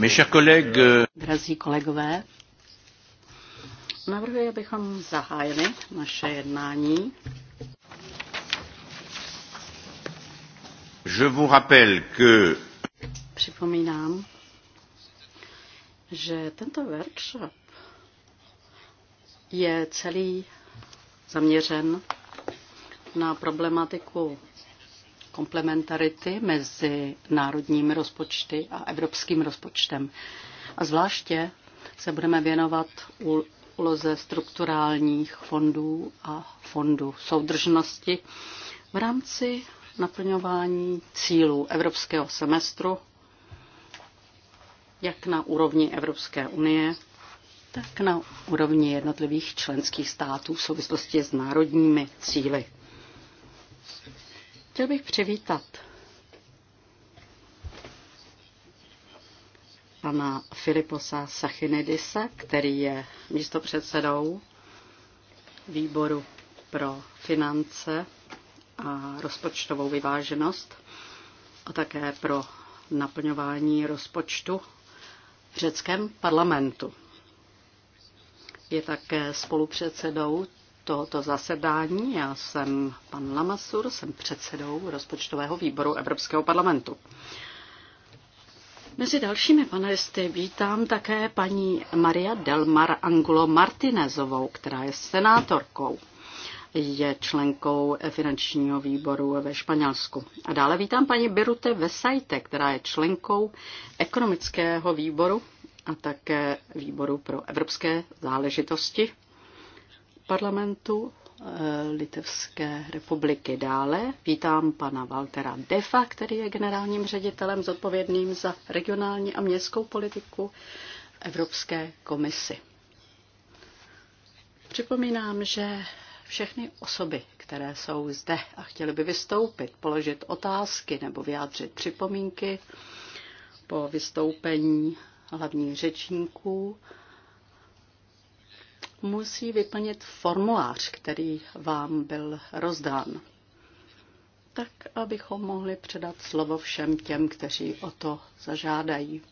Euh, Drazí kolegové, navrhuji, abychom zahájili naše jednání. Je vous rappelle que... Připomínám, že tento workshop je celý zaměřen na problematiku komplementarity mezi národními rozpočty a evropským rozpočtem. A zvláště se budeme věnovat úloze strukturálních fondů a fondů soudržnosti v rámci naplňování cílů evropského semestru, jak na úrovni Evropské unie, tak na úrovni jednotlivých členských států v souvislosti s národními cíly. Chtěl bych přivítat pana Filiposa Sachinidise, který je místopředsedou výboru pro finance a rozpočtovou vyváženost a také pro naplňování rozpočtu v řeckém parlamentu. Je také spolupředsedou tohoto zasedání. Já jsem pan Lamasur, jsem předsedou rozpočtového výboru Evropského parlamentu. Mezi dalšími panelisty vítám také paní Maria Delmar Angulo Martinezovou, která je senátorkou je členkou finančního výboru ve Španělsku. A dále vítám paní Birute Vesajte, která je členkou ekonomického výboru a také výboru pro evropské záležitosti parlamentu eh, Litevské republiky. Dále vítám pana Waltera Defa, který je generálním ředitelem zodpovědným za regionální a městskou politiku Evropské komisy. Připomínám, že všechny osoby, které jsou zde a chtěly by vystoupit, položit otázky nebo vyjádřit připomínky po vystoupení hlavních řečníků, musí vyplnit formulář, který vám byl rozdán, tak abychom mohli předat slovo všem těm, kteří o to zažádají.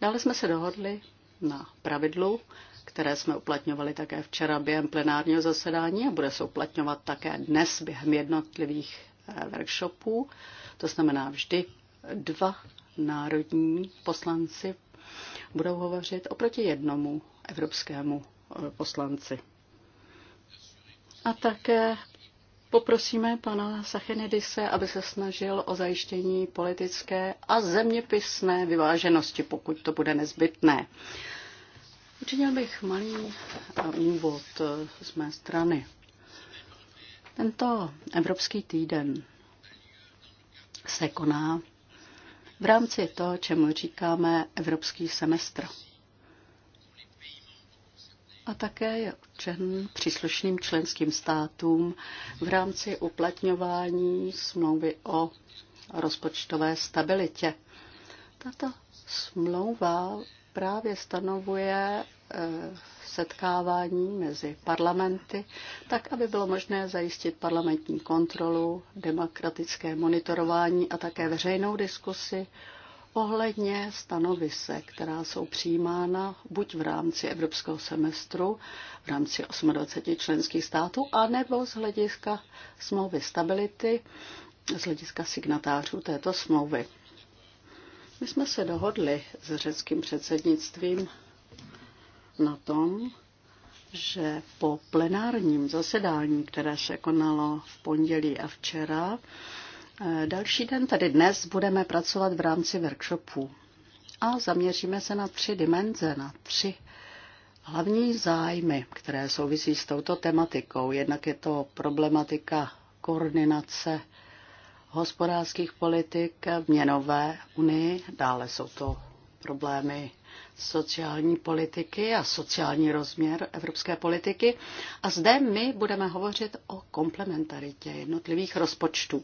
Dále jsme se dohodli na pravidlu, které jsme uplatňovali také včera během plenárního zasedání a bude se uplatňovat také dnes během jednotlivých eh, workshopů. To znamená vždy dva národní poslanci budou hovořit oproti jednomu evropskému poslanci. A také poprosíme pana Sachenidise, aby se snažil o zajištění politické a zeměpisné vyváženosti, pokud to bude nezbytné. Učinil bych malý úvod z mé strany. Tento Evropský týden se koná v rámci toho, čemu říkáme Evropský semestr a také je určen příslušným členským státům v rámci uplatňování smlouvy o rozpočtové stabilitě. Tato smlouva právě stanovuje eh, setkávání mezi parlamenty, tak aby bylo možné zajistit parlamentní kontrolu, demokratické monitorování a také veřejnou diskusi ohledně stanovisek, která jsou přijímána buď v rámci evropského semestru, v rámci 28 členských států, anebo z hlediska smlouvy stability, z hlediska signatářů této smlouvy. My jsme se dohodli s řeckým předsednictvím na tom, že po plenárním zasedání, které se konalo v pondělí a včera, Eh, další den, tedy dnes, budeme pracovat v rámci workshopu a zaměříme se na tři dimenze, na tři hlavní zájmy, které souvisí s touto tematikou. Jednak je to problematika koordinace hospodářských politik v měnové unii, dále jsou to problémy sociální politiky a sociální rozměr evropské politiky. A zde my budeme hovořit o komplementaritě jednotlivých rozpočtů.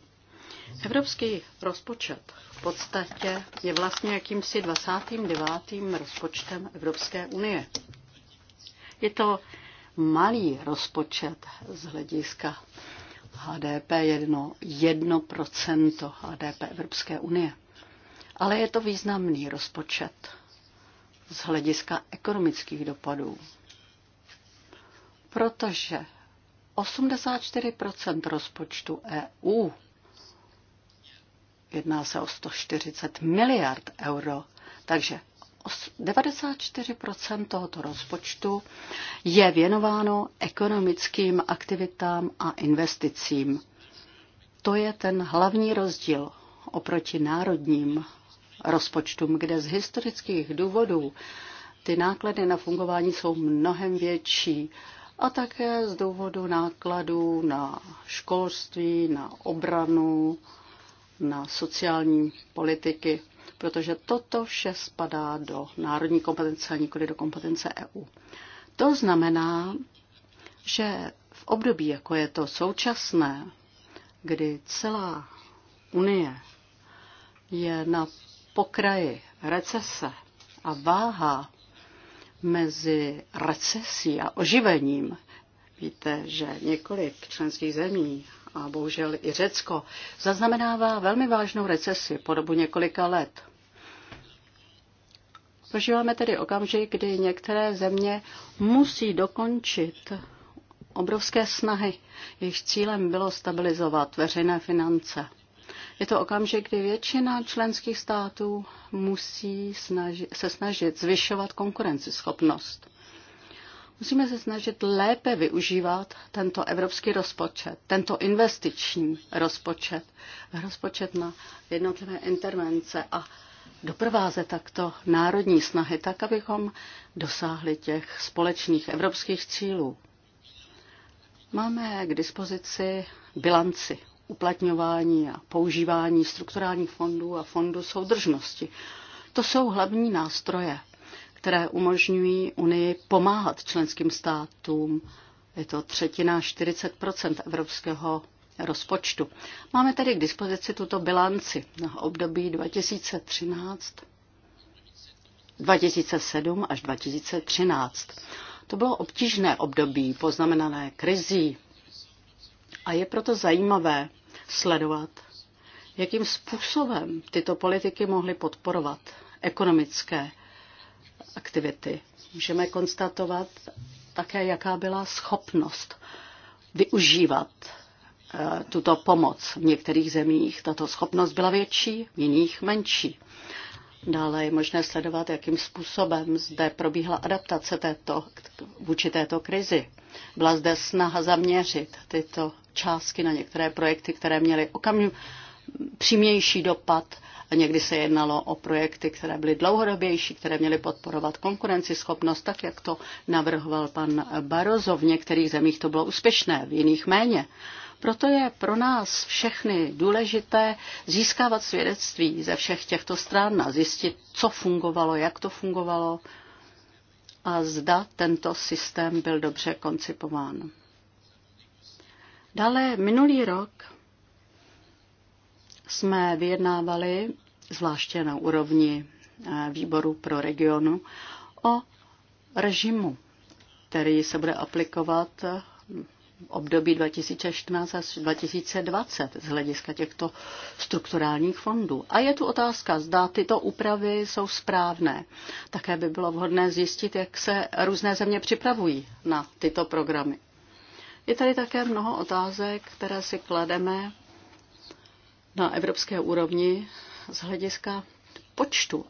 Evropský rozpočet v podstatě je vlastně jakýmsi 29. rozpočtem Evropské unie. Je to malý rozpočet z hlediska HDP, jedno, jedno procento HDP Evropské unie. Ale je to významný rozpočet z hlediska ekonomických dopadů. Protože 84 rozpočtu EU Jedná se o 140 miliard euro. Takže 94 tohoto rozpočtu je věnováno ekonomickým aktivitám a investicím. To je ten hlavní rozdíl oproti národním rozpočtům, kde z historických důvodů ty náklady na fungování jsou mnohem větší a také z důvodu nákladů na školství, na obranu, na sociální politiky, protože toto vše spadá do národní kompetence a nikoli do kompetence EU. To znamená, že v období, jako je to současné, kdy celá Unie je na pokraji recese a váha mezi recesí a oživením, víte, že několik členských zemí a bohužel i Řecko, zaznamenává velmi vážnou recesi po dobu několika let. Prožíváme tedy okamžik, kdy některé země musí dokončit obrovské snahy. Jejich cílem bylo stabilizovat veřejné finance. Je to okamžik, kdy většina členských států musí snaži- se snažit zvyšovat konkurenceschopnost. Musíme se snažit lépe využívat tento evropský rozpočet, tento investiční rozpočet, rozpočet na jednotlivé intervence a doprovázet takto národní snahy tak, abychom dosáhli těch společných evropských cílů. Máme k dispozici bilanci uplatňování a používání strukturálních fondů a fondů soudržnosti. To jsou hlavní nástroje které umožňují Unii pomáhat členským státům. Je to třetina 40 evropského rozpočtu. Máme tedy k dispozici tuto bilanci na období 2013 2007 až 2013. To bylo obtížné období poznamenané krizí a je proto zajímavé sledovat, jakým způsobem tyto politiky mohly podporovat ekonomické aktivity. Můžeme konstatovat také, jaká byla schopnost využívat eh, tuto pomoc. V některých zemích tato schopnost byla větší, v jiných menší. Dále je možné sledovat, jakým způsobem zde probíhla adaptace této, vůči této krizi. Byla zde snaha zaměřit tyto částky na některé projekty, které měly okamžitě přímější dopad. A někdy se jednalo o projekty, které byly dlouhodobější, které měly podporovat konkurenceschopnost, tak jak to navrhoval pan Barozo. V některých zemích to bylo úspěšné, v jiných méně. Proto je pro nás všechny důležité získávat svědectví ze všech těchto stran a zjistit, co fungovalo, jak to fungovalo a zda tento systém byl dobře koncipován. Dále minulý rok jsme vyjednávali, zvláště na úrovni eh, výboru pro regionu, o režimu, který se bude aplikovat eh, v období 2014 až 2020 z hlediska těchto strukturálních fondů. A je tu otázka, zda tyto úpravy jsou správné. Také by bylo vhodné zjistit, jak se různé země připravují na tyto programy. Je tady také mnoho otázek, které si klademe na evropské úrovni z hlediska počtu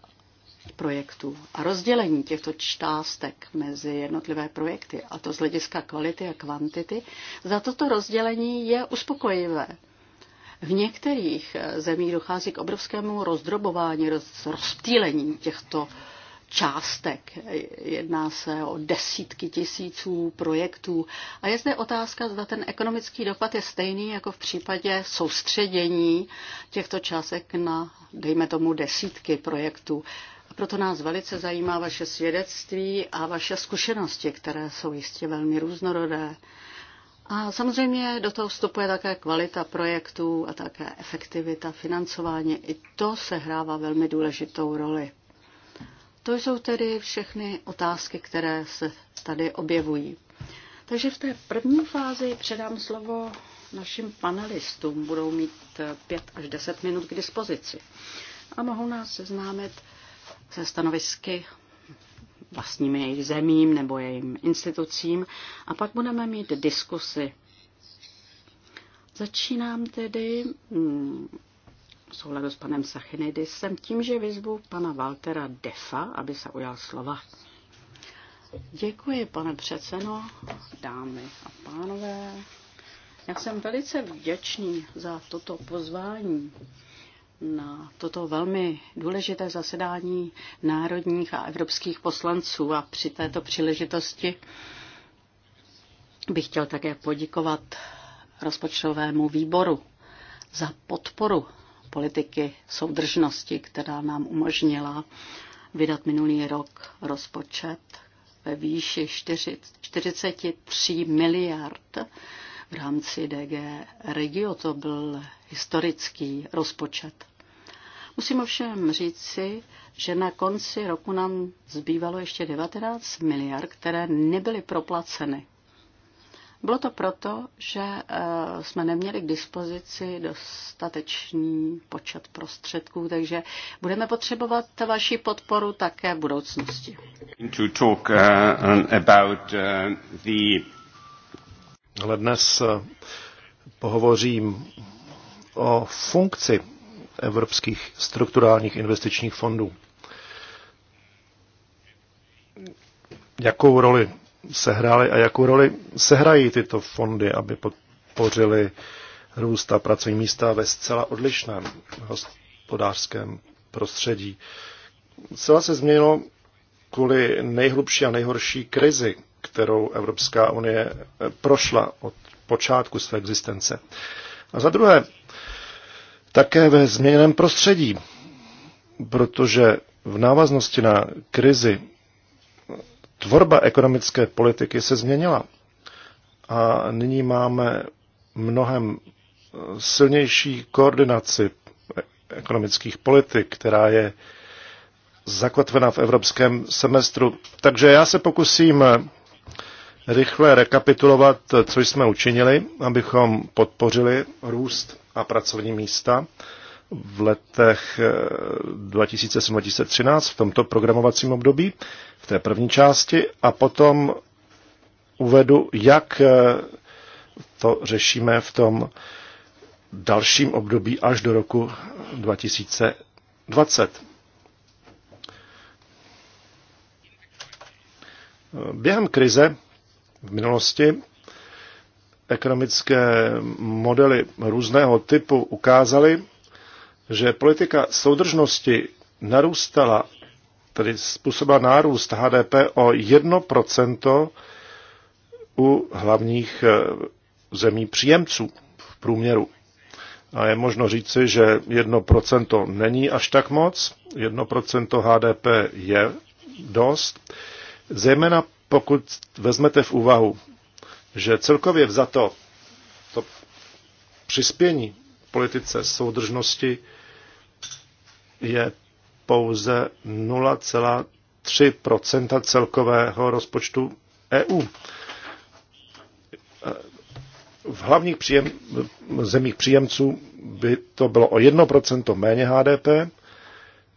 projektů a rozdělení těchto částek mezi jednotlivé projekty, a to z hlediska kvality a kvantity, za toto rozdělení je uspokojivé. V některých zemích dochází k obrovskému rozdrobování, roz, rozptýlení těchto částek. Jedná se o desítky tisíců projektů. A je zde otázka, zda ten ekonomický dopad je stejný jako v případě soustředění těchto částek na, dejme tomu, desítky projektů. A proto nás velice zajímá vaše svědectví a vaše zkušenosti, které jsou jistě velmi různorodé. A samozřejmě do toho vstupuje také kvalita projektů a také efektivita financování. I to se hrává velmi důležitou roli. To jsou tedy všechny otázky, které se tady objevují. Takže v té první fázi předám slovo našim panelistům. Budou mít 5 až 10 minut k dispozici a mohou nás seznámit se stanovisky vlastními jejich zemím nebo jejím institucím a pak budeme mít diskusy. Začínám tedy mm, v souladu s panem Sachinidisem tím, že vyzvu pana Waltera Defa, aby se ujal slova. Děkuji, pane předseno, dámy a pánové. Já jsem velice vděčný za toto pozvání na toto velmi důležité zasedání národních a evropských poslanců a při této příležitosti bych chtěl také poděkovat rozpočtovému výboru za podporu politiky soudržnosti, která nám umožnila vydat minulý rok rozpočet ve výši 43 miliard v rámci DG Regio. To byl historický rozpočet. Musím ovšem říci, že na konci roku nám zbývalo ještě 19 miliard, které nebyly proplaceny. Bylo to proto, že eh, jsme neměli k dispozici dostatečný počet prostředků, takže budeme potřebovat vaši podporu také v budoucnosti. Eh, eh, Ale dnes pohovořím o funkci evropských strukturálních investičních fondů. Jakou roli sehrály a jakou roli sehrají tyto fondy, aby podpořili růst a pracovní místa ve zcela odlišném hospodářském prostředí. Celá se změnilo kvůli nejhlubší a nejhorší krizi, kterou Evropská unie eh, prošla od počátku své existence. A za druhé, také ve změněném prostředí, protože v návaznosti na krizi tvorba ekonomické politiky se změnila. A nyní máme mnohem eh, silnější koordinaci ekonomických politik, která je zakotvena v evropském semestru. Takže já se pokusím eh, rychle rekapitulovat, eh, co jsme učinili, abychom podpořili růst a pracovní místa v letech 2007-2013 v tomto programovacím období v té první části a potom uvedu, jak eh, to řešíme v tom dalším období až do roku 2020. Během krize v minulosti ekonomické modely různého typu ukázaly, že politika soudržnosti narůstala tedy způsobila nárůst HDP o 1% u hlavních eh, zemí příjemců v průměru. A je možno říci, že 1% není až tak moc, 1% HDP je dost, zejména pokud vezmete v úvahu, že celkově za to přispění politice soudržnosti je pouze 0,3 celkového rozpočtu EU. V hlavních příjem, zemích příjemců by to bylo o 1 méně HDP,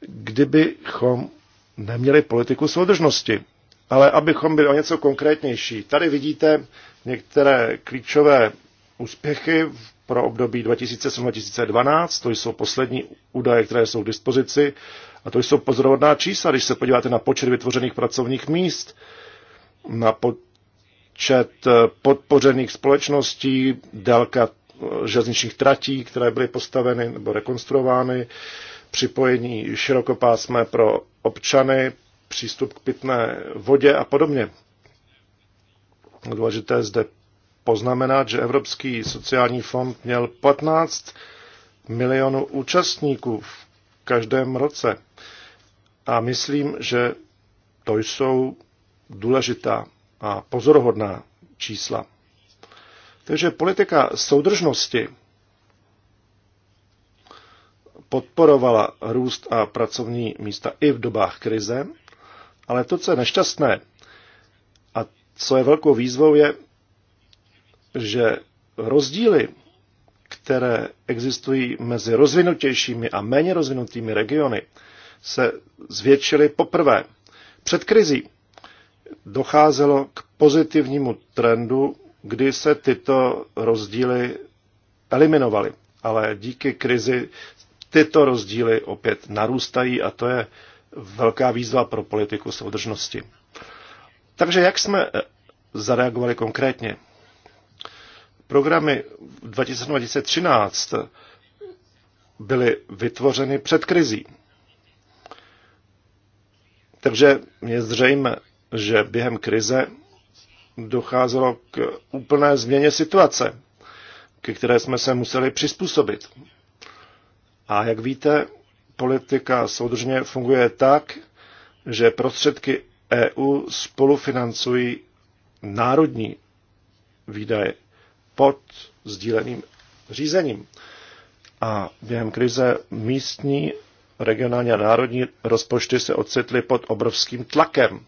kdybychom neměli politiku soudržnosti. Ale abychom byli o něco konkrétnější, tady vidíte některé klíčové úspěchy pro období 2007-2012, to jsou poslední údaje, které jsou k dispozici, a to jsou pozorovodná čísla, když se podíváte na počet vytvořených pracovních míst, na počet eh, podpořených společností, délka eh, železničních tratí, které byly postaveny nebo rekonstruovány, připojení širokopásmé pro občany, přístup k pitné vodě a podobně. Důležité zde poznamenat, že Evropský sociální fond měl 15 milionů účastníků v každém roce. A myslím, že to jsou důležitá a pozorohodná čísla. Takže politika soudržnosti podporovala růst a pracovní místa i v dobách krize, ale to, co je nešťastné a co je velkou výzvou, je, že rozdíly které existují mezi rozvinutějšími a méně rozvinutými regiony, se zvětšily poprvé. Před krizí docházelo k pozitivnímu trendu, kdy se tyto rozdíly eliminovaly. Ale díky krizi tyto rozdíly opět narůstají a to je velká výzva pro politiku soudržnosti. Takže jak jsme zareagovali konkrétně? Programy 2013 byly vytvořeny před krizí. Takže je zřejmé, že během krize docházelo k úplné změně situace, ke které jsme se museli přizpůsobit. A jak víte, politika soudržně funguje tak, že prostředky EU spolufinancují národní výdaje pod sdíleným řízením. A během krize místní, regionální a národní rozpočty se ocitly pod obrovským tlakem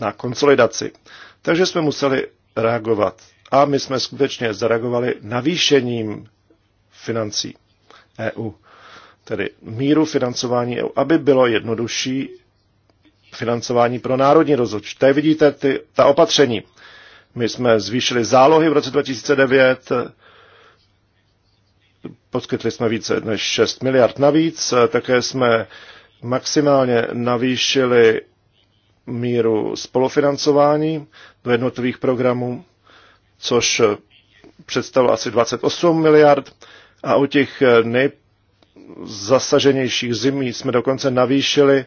na konsolidaci. Takže jsme museli reagovat. A my jsme skutečně zareagovali navýšením financí EU, tedy míru financování EU, aby bylo jednodušší financování pro národní rozhodčí. Tady vidíte ty, ta opatření. My jsme zvýšili zálohy v roce 2009, poskytli jsme více než 6 miliard navíc, také jsme maximálně navýšili míru spolufinancování do jednotlivých programů, což představilo asi 28 miliard a u těch nejzasaženějších zimí jsme dokonce navýšili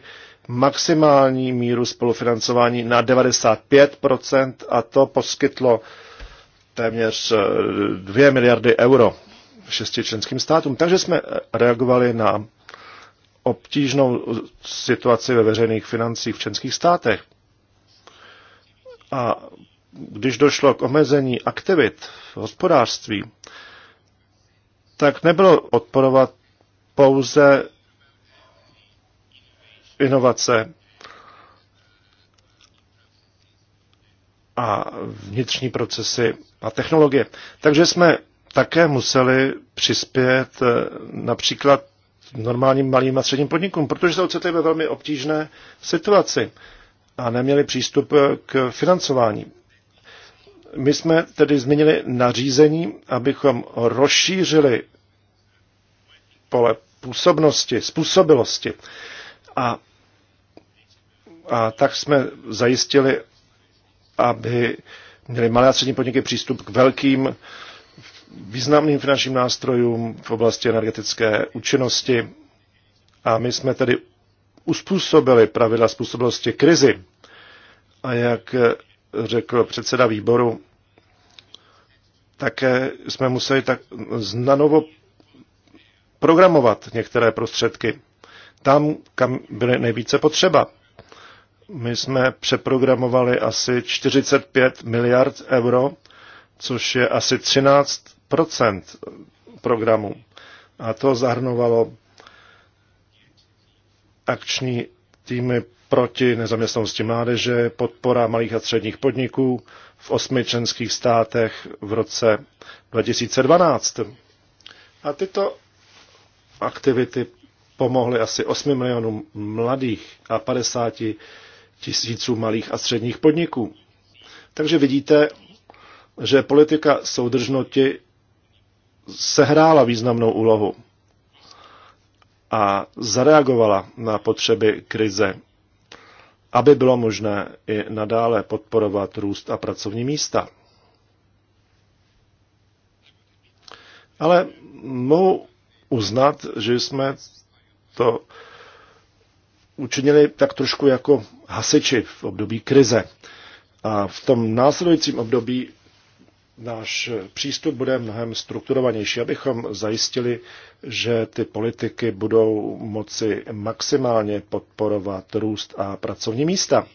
maximální míru spolufinancování na 95% a to poskytlo téměř 2 eh, miliardy euro šesti členským státům. Takže jsme eh, reagovali na obtížnou situaci ve veřejných financích v členských státech. A když došlo k omezení aktivit v hospodářství, tak nebylo odporovat pouze inovace a vnitřní procesy a technologie. Takže jsme také museli přispět eh, například normálním malým a středním podnikům, protože se ocitli ve velmi obtížné situaci a neměli přístup eh, k financování. My jsme tedy změnili nařízení, abychom rozšířili pole působnosti, způsobilosti a, a tak jsme zajistili, aby měli malé a střední podniky přístup k velkým významným finančním nástrojům v oblasti energetické účinnosti. A my jsme tedy uspůsobili pravidla způsobilosti krizi. A jak řekl předseda výboru, také jsme museli tak znanovo programovat některé prostředky tam, kam byly nejvíce potřeba. My jsme přeprogramovali asi 45 miliard euro, což je asi 13 programu. A to zahrnovalo akční týmy proti nezaměstnanosti mládeže, podpora malých a středních podniků v osmi členských státech v roce 2012. A tyto aktivity pomohly asi 8 milionům mladých a 50 tisíců malých a středních podniků. Takže vidíte, že politika soudržnosti sehrála významnou úlohu a zareagovala na potřeby krize, aby bylo možné i nadále podporovat růst a pracovní místa. Ale mohu uznat, že jsme to učinili tak trošku jako hasiči v období krize. A v tom následujícím období náš přístup bude mnohem strukturovanější, abychom zajistili, že ty politiky budou moci maximálně podporovat růst a pracovní místa.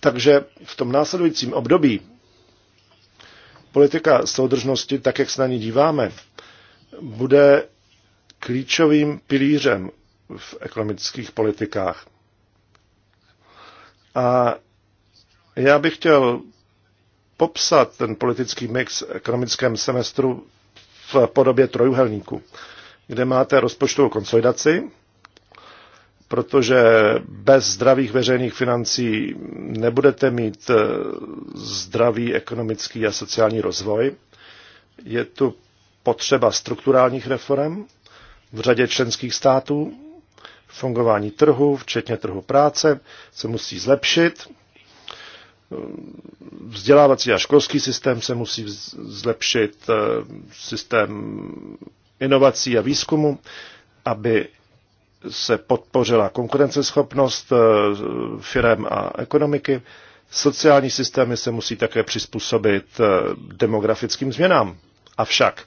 Takže v tom následujícím období politika soudržnosti, tak jak se na ní díváme, bude klíčovým pilířem v ekonomických politikách. A já bych chtěl popsat ten politický mix v ekonomickém semestru v podobě trojuhelníku, kde máte rozpočtovou konsolidaci, protože bez zdravých veřejných financí nebudete mít eh, zdravý ekonomický a sociální rozvoj. Je tu potřeba strukturálních reform, v řadě členských států. Fungování trhu, včetně trhu práce, se musí zlepšit. Vzdělávací a školský systém se musí zlepšit, eh, systém inovací a výzkumu, aby se podpořila konkurenceschopnost eh, firm a ekonomiky. Sociální systémy se musí také přizpůsobit eh, demografickým změnám. Avšak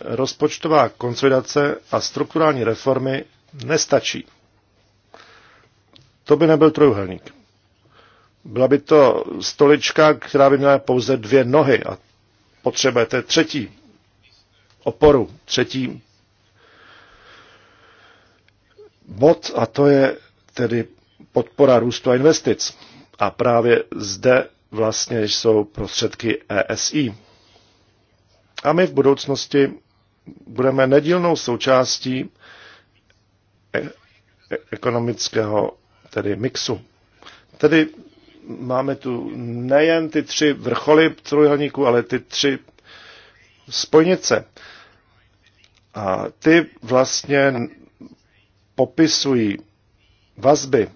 rozpočtová konsolidace a strukturální reformy nestačí. To by nebyl trojuhelník. Byla by to stolička, která by měla pouze dvě nohy a potřebujete třetí oporu, třetí bod a to je tedy podpora růstu a investic. A právě zde vlastně jsou prostředky ESI. A my v budoucnosti budeme nedílnou součástí e, e, ekonomického tedy mixu. Tedy máme tu nejen ty tři vrcholy trojhelníku, ale ty tři spojnice. A ty vlastně popisují vazby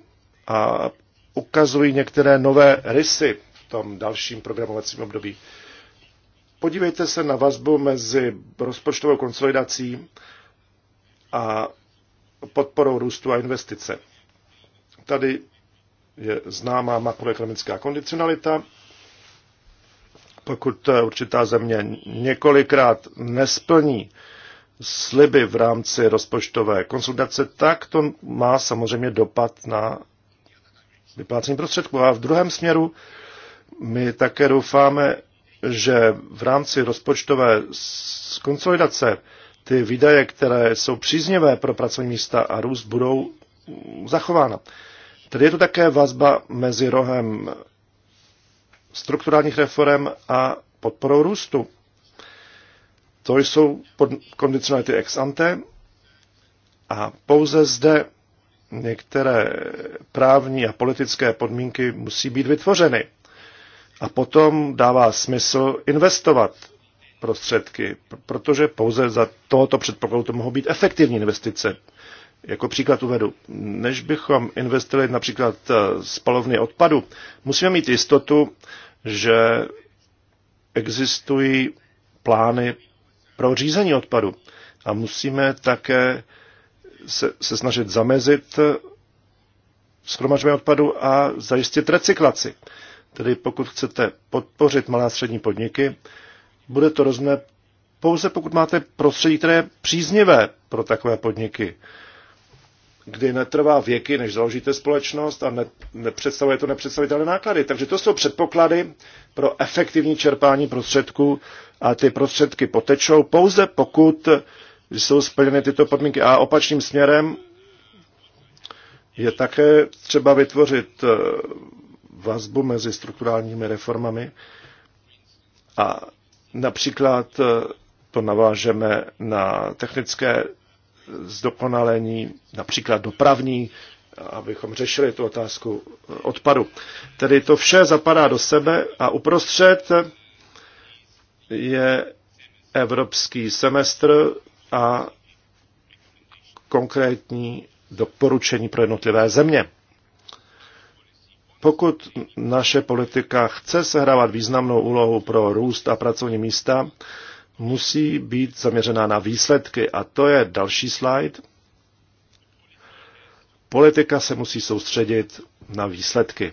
a ukazují některé nové rysy v tom dalším programovacím období. Podívejte se na vazbu mezi rozpočtovou konsolidací a podporou růstu a investice. Tady je známá makroekonomická kondicionalita. Pokud určitá země několikrát nesplní sliby v rámci rozpočtové konsolidace, tak to má samozřejmě dopad na vyplácení prostředků. A v druhém směru my také doufáme, že v rámci rozpočtové konsolidace ty výdaje, které jsou příznivé pro pracovní místa a růst, budou zachována. Tedy je tu také vazba mezi rohem strukturálních reform a podporou růstu. To jsou kondicionality ex ante a pouze zde některé právní a politické podmínky musí být vytvořeny. A potom dává smysl investovat prostředky, protože pouze za tohoto předpokladu to mohou být efektivní investice. Jako příklad uvedu, než bychom investovali například eh, spalovny odpadu, musíme mít jistotu, že existují plány pro řízení odpadu a musíme také se, se snažit zamezit eh, schromažďování odpadu a zajistit recyklaci. Tedy pokud chcete podpořit malé a střední podniky, bude to rozumné pouze pokud máte prostředí, které je příznivé pro takové podniky, kdy netrvá věky, než založíte společnost a ne, nepředstavuje to nepředstavitelné náklady. Takže to jsou předpoklady pro efektivní čerpání prostředků a ty prostředky potečou pouze pokud jsou splněny tyto podmínky. A opačným směrem je také třeba vytvořit vazbu mezi strukturálními reformami a například eh, to navážeme na technické zdokonalení, například dopravní, abychom řešili tu otázku eh, odpadu. Tedy to vše zapadá do sebe a uprostřed je evropský semestr a konkrétní doporučení pro jednotlivé země. Pokud naše politika chce sehrávat významnou úlohu pro růst a pracovní místa, musí být zaměřená na výsledky. A to je další slide. Politika se musí soustředit na výsledky.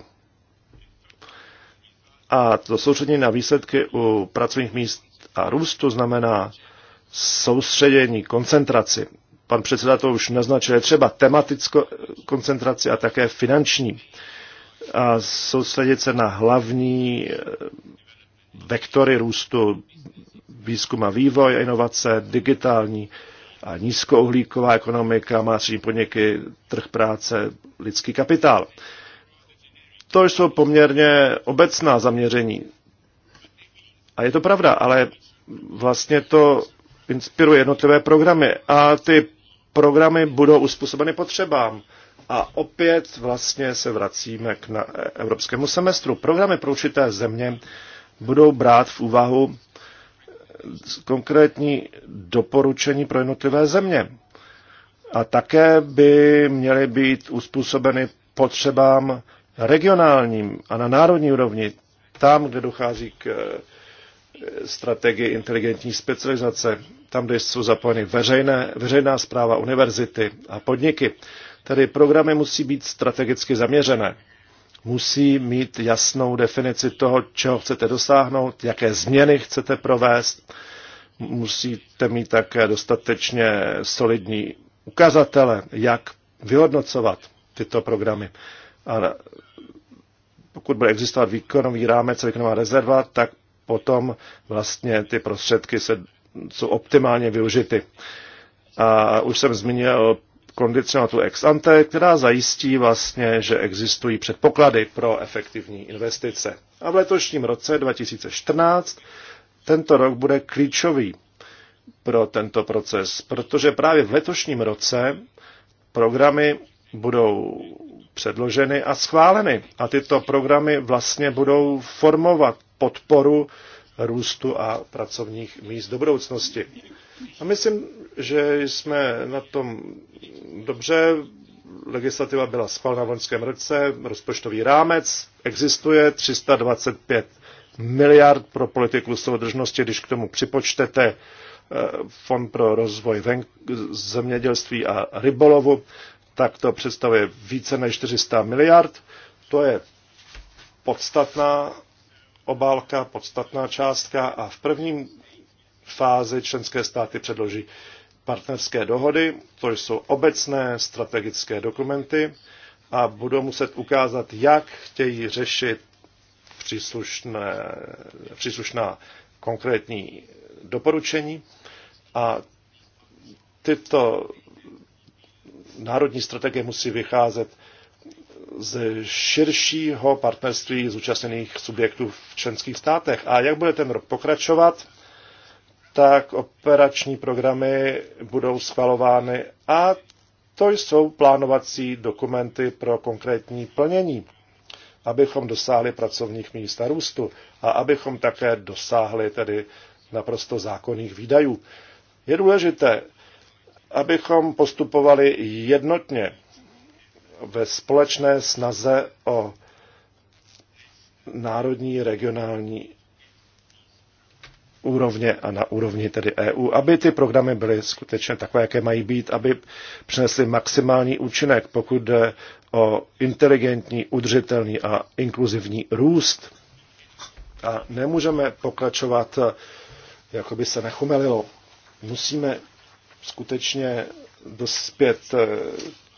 A to soustředění na výsledky u pracovních míst a růstu znamená soustředění, koncentraci. Pan předseda to už naznačil, je třeba tematickou koncentraci a také finanční a soustředit se na hlavní eh, vektory růstu výzkum a vývoj, inovace, digitální a nízkouhlíková ekonomika, má podniky, trh práce, lidský kapitál. To jsou poměrně obecná zaměření. A je to pravda, ale vlastně to inspiruje jednotlivé programy a ty programy budou uspůsobeny potřebám. A opět vlastně se vracíme k na evropskému semestru. Programy pro určité země budou brát v úvahu eh, konkrétní doporučení pro jednotlivé země. A také by měly být uspůsobeny potřebám regionálním a na národní úrovni, tam, kde dochází k eh, strategii inteligentní specializace, tam, kde jsou zapojeny veřejné, veřejná zpráva, univerzity a podniky. Tedy programy musí být strategicky zaměřené. Musí mít jasnou definici toho, čeho chcete dosáhnout, jaké změny chcete provést. Musíte mít také dostatečně solidní ukazatele, jak vyhodnocovat tyto programy. A pokud bude existovat výkonový rámec výkonová rezerva, tak potom vlastně ty prostředky se, jsou optimálně využity. A už jsem zmínil kondicionatu ex ante, která zajistí vlastně, že existují předpoklady pro efektivní investice. A v letošním roce 2014 tento rok bude klíčový pro tento proces, protože právě v letošním roce programy budou předloženy a schváleny. A tyto programy vlastně budou formovat podporu růstu a pracovních míst do budoucnosti. A myslím, že jsme na tom dobře. Legislativa byla spalna v loňském roce, rozpočtový rámec existuje 325 miliard pro politiku soudržnosti, když k tomu připočtete eh, Fond pro rozvoj zemědělství a rybolovu, tak to představuje více než 400 miliard. To je podstatná obálka, podstatná částka a v prvním fázi členské státy předloží partnerské dohody, to jsou obecné strategické dokumenty a budou muset ukázat, jak chtějí řešit příslušné, příslušná konkrétní doporučení a tyto národní strategie musí vycházet z širšího partnerství zúčastněných subjektů v členských státech. A jak bude ten rok pokračovat? tak operační programy budou schvalovány a to jsou plánovací dokumenty pro konkrétní plnění, abychom dosáhli pracovních míst a růstu a abychom také dosáhli tedy naprosto zákonných výdajů. Je důležité, abychom postupovali jednotně ve společné snaze o národní, regionální úrovně a na úrovni tedy EU, aby ty programy byly skutečně takové, jaké mají být, aby přinesly maximální účinek, pokud jde o inteligentní, udržitelný a inkluzivní růst. A nemůžeme pokračovat, jako by se nechumelilo. Musíme skutečně dospět eh,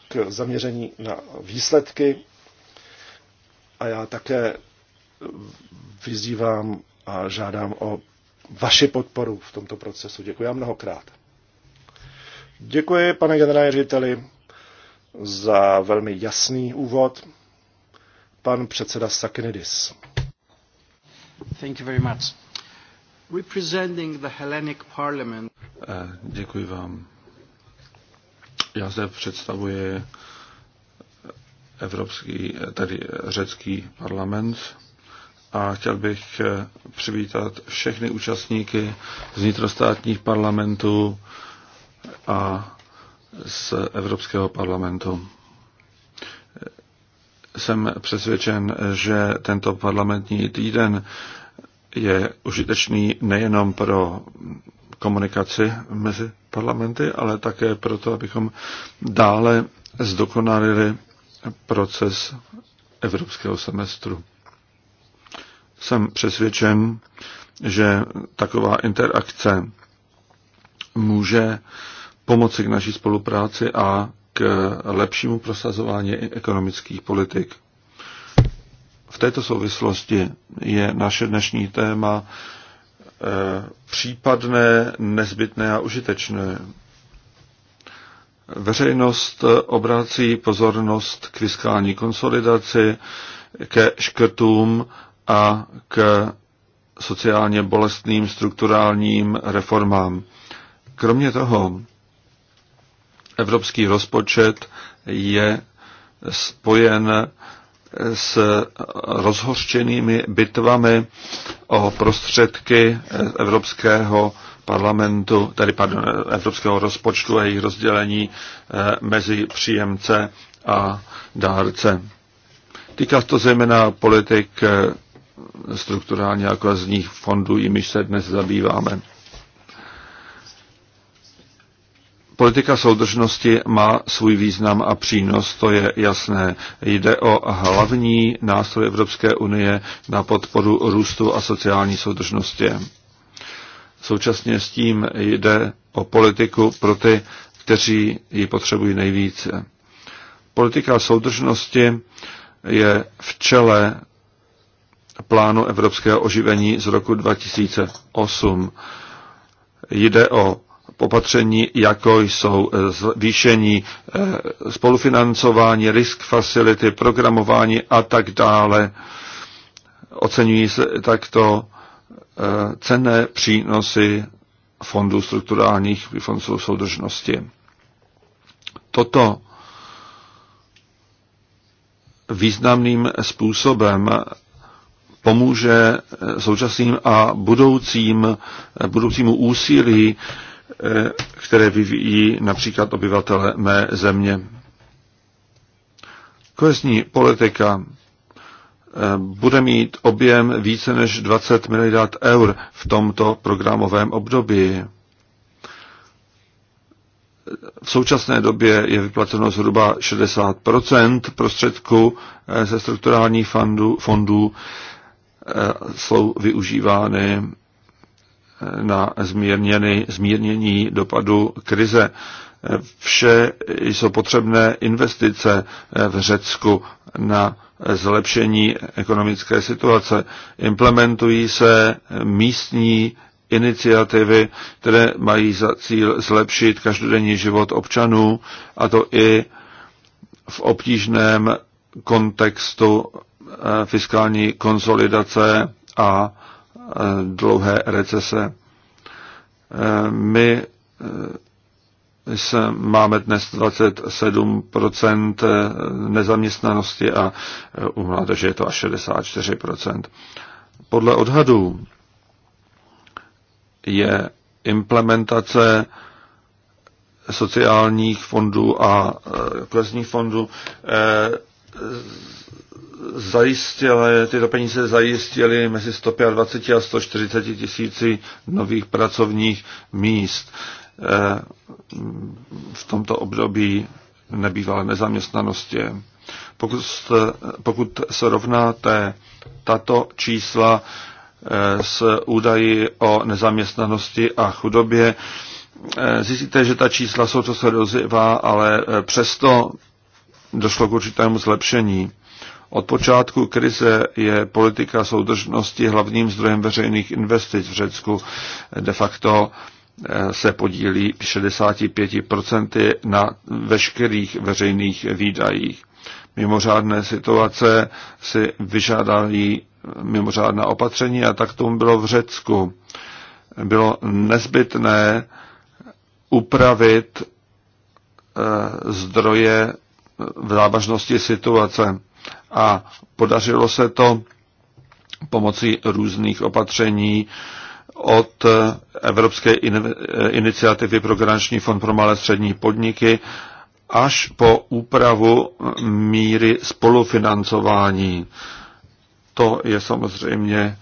k zaměření na výsledky. A já také vyzývám a žádám o vaši podporu v tomto procesu. Děkuji vám mnohokrát. Děkuji, pane generální řediteli, za velmi jasný úvod. Pan předseda Sakinidis. Thank you very much. Representing the Hellenic Parliament. Eh, děkuji vám. Já zde představuji Evropský, eh, tedy řecký parlament a chtěl bych eh, přivítat všechny účastníky z vnitrostátních parlamentů a z Evropského parlamentu. Jsem přesvědčen, že tento parlamentní týden je užitečný nejenom pro komunikaci mezi parlamenty, ale také proto, abychom dále zdokonalili proces evropského semestru. Jsem přesvědčen, že taková interakce může pomoci k naší spolupráci a k lepšímu prosazování ekonomických politik. V této souvislosti je naše dnešní téma eh, případné, nezbytné a užitečné. Veřejnost obrací pozornost k fiskální konsolidaci, ke škrtům a k sociálně bolestným strukturálním reformám. Kromě toho, evropský rozpočet je spojen s rozhořčenými bitvami o prostředky Evropského parlamentu, tedy pardon, Evropského rozpočtu a jejich rozdělení eh, mezi příjemce a dárce. Týká se to zejména politik eh, strukturálně jako z nich fondů, jimiž se dnes zabýváme. Politika soudržnosti má svůj význam a přínos, to je jasné. Jde o hlavní nástroj Evropské unie na podporu růstu a sociální soudržnosti. Současně s tím jde o politiku pro ty, kteří ji potřebují nejvíce. Politika soudržnosti je v čele plánu evropského oživení z roku 2008. Jde o opatření, jako jsou e, zvýšení e, spolufinancování, risk facility, programování a tak dále. Oceňují se takto e, cené přínosy fondů strukturálních, fondů soudržnosti. Toto významným způsobem pomůže eh, současným a budoucím, eh, budoucímu úsilí, eh, které vyvíjí například obyvatele mé země. Kohezní politika bude mít objem více než 20 miliard eur v tomto programovém období. V současné době je vyplaceno zhruba 60 prostředků ze strukturálních fondů, fondů jsou využívány na zmírněny, zmírnění dopadu krize. Vše jsou potřebné investice v Řecku na zlepšení ekonomické situace. Implementují se místní iniciativy, které mají za cíl zlepšit každodenní život občanů, a to i v obtížném kontextu Eh, fiskální konsolidace a eh, dlouhé recese. Eh, my máme dnes 27% nezaměstnanosti a u mládeže je to až 64%. Podle odhadů je implementace sociálních fondů a kohezních fondů zajistili, tyto peníze zajistili mezi 125 a 140 tisíci nových pracovních míst. Eh, v tomto období nebývalé nezaměstnanosti. Pokud, pokud rovnáte tato čísla eh, s údaji o nezaměstnanosti a chudobě, eh, zjistíte, že ta čísla jsou co se rozjevá, ale přesto došlo k určitému zlepšení. Od počátku krize je politika soudržnosti hlavním zdrojem veřejných investic v Řecku. De facto eh, se podílí 65% na veškerých veřejných výdajích. Mimořádné situace si vyžádají eh, mimořádná opatření a tak tomu bylo v Řecku. Bylo nezbytné upravit eh, zdroje v závažnosti situace. A podařilo se to pomocí různých opatření od Evropské iniciativy pro garanční fond pro malé střední podniky až po úpravu míry spolufinancování. To je samozřejmě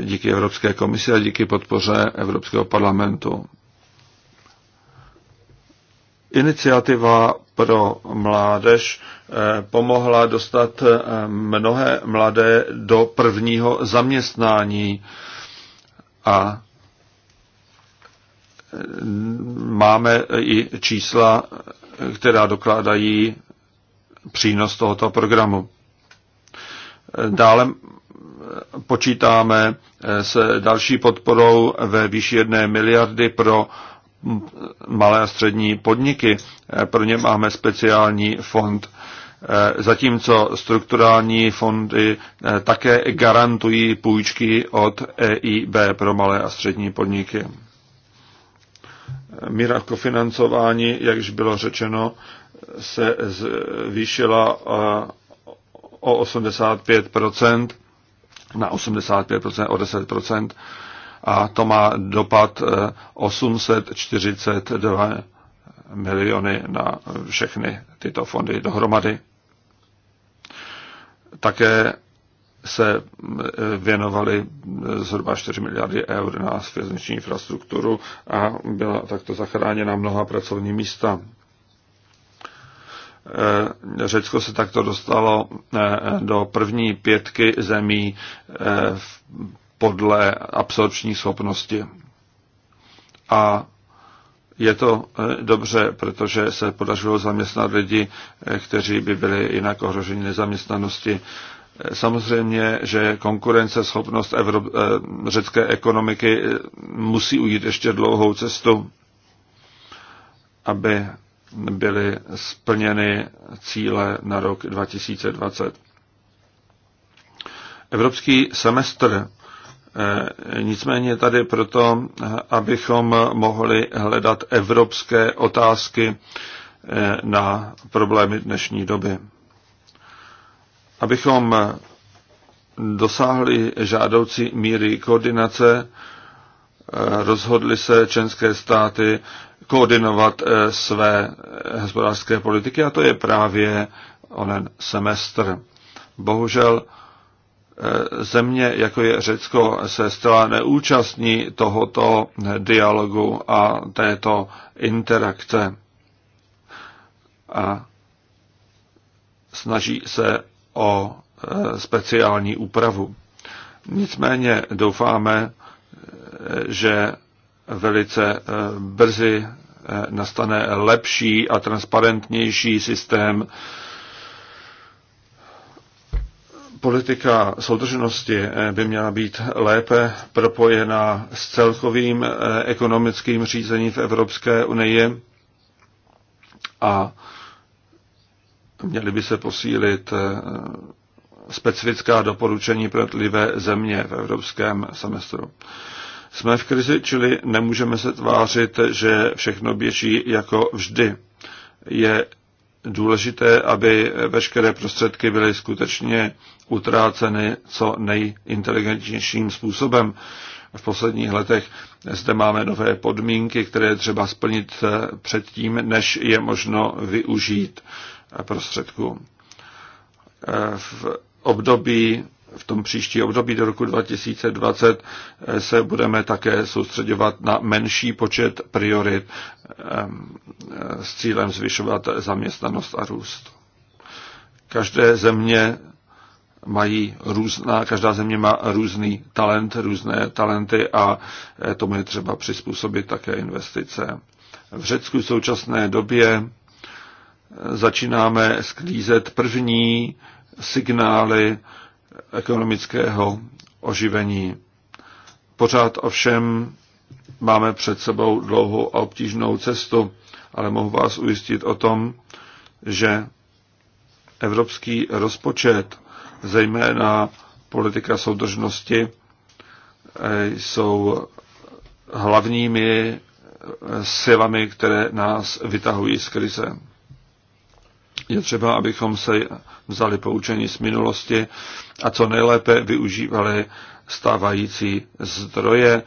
díky Evropské komisi a díky podpoře Evropského parlamentu. Iniciativa pro mládež eh, pomohla dostat eh, mnohé mladé do prvního zaměstnání a eh, máme i čísla, která dokládají přínos tohoto programu. Dále počítáme s další podporou ve výši 1 miliardy pro malé a střední podniky. Eh, pro ně máme speciální fond. Eh, zatímco strukturální fondy eh, také garantují půjčky od EIB pro malé a střední podniky. Míra kofinancování, jak již bylo řečeno, se zvýšila o 85 na 85 o 10 a to má dopad 842 eh, miliony na všechny tyto fondy dohromady. Také se eh, věnovali eh, zhruba 4 miliardy eur na svězniční infrastrukturu a byla takto zachráněna mnoha pracovní místa. Řecko se takto dostalo do první pětky zemí v podle absorpční schopnosti. A je to eh, dobře, protože se podařilo zaměstnat lidi, eh, kteří by byli jinak ohroženi nezaměstnanosti. Eh, samozřejmě, že konkurenceschopnost Evrop- řecké ekonomiky musí ujít ještě dlouhou cestu, aby byly splněny cíle na rok 2020. Evropský semestr Eh, nicméně tady proto, eh, abychom mohli hledat evropské otázky eh, na problémy dnešní doby. Abychom dosáhli žádoucí míry koordinace, rozhodly se členské státy koordinovat své hospodářské politiky a to je právě onen semestr. Bohužel Eh, země, jako je Řecko, se zcela neúčastní tohoto dialogu a této interakce. A snaží se o eh, speciální úpravu. Nicméně doufáme, eh, že velice brzy nastane lepší a transparentnější systém politika soudržnosti eh, by měla být lépe propojena s celkovým eh, ekonomickým řízením v Evropské unii a měly by se posílit eh, specifická doporučení pro tlivé země v evropském semestru. Jsme v krizi, čili nemůžeme se tvářit, že všechno běží jako vždy. Je důležité, aby veškeré prostředky byly skutečně utráceny co nejinteligentnějším způsobem. V posledních letech zde máme nové podmínky, které třeba splnit předtím, než je možno využít prostředku V období v tom příští období do roku 2020 se budeme také soustředovat na menší počet priorit eh, s cílem zvyšovat zaměstnanost a růst. Každé země mají různá, každá země má různý talent, různé talenty a eh, tomu je třeba přizpůsobit také investice. V Řecku v současné době eh, začínáme sklízet první signály ekonomického oživení. Pořád ovšem máme před sebou dlouhou a obtížnou cestu, ale mohu vás ujistit o tom, že evropský rozpočet, zejména politika soudržnosti, jsou hlavními silami, které nás vytahují z krize je třeba, abychom se vzali poučení z minulosti a co nejlépe využívali stávající zdroje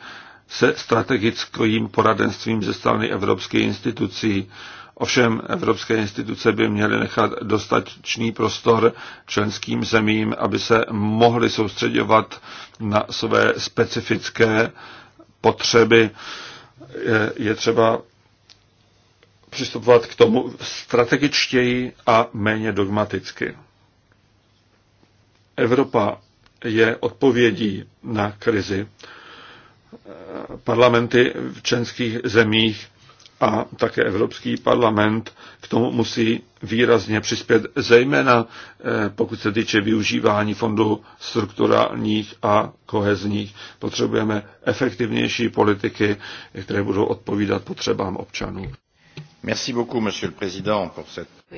se strategickým poradenstvím ze strany evropských institucí. Ovšem evropské instituce by měly nechat dostatečný prostor členským zemím, aby se mohly soustředovat na své specifické potřeby. Je, je třeba přistupovat k tomu strategičtěji a méně dogmaticky. Evropa je odpovědí na krizi. Parlamenty v členských zemích a také Evropský parlament k tomu musí výrazně přispět, zejména eh, pokud se týče využívání fondů strukturálních a kohezních. Potřebujeme efektivnější politiky, které budou odpovídat potřebám občanů. Děkuji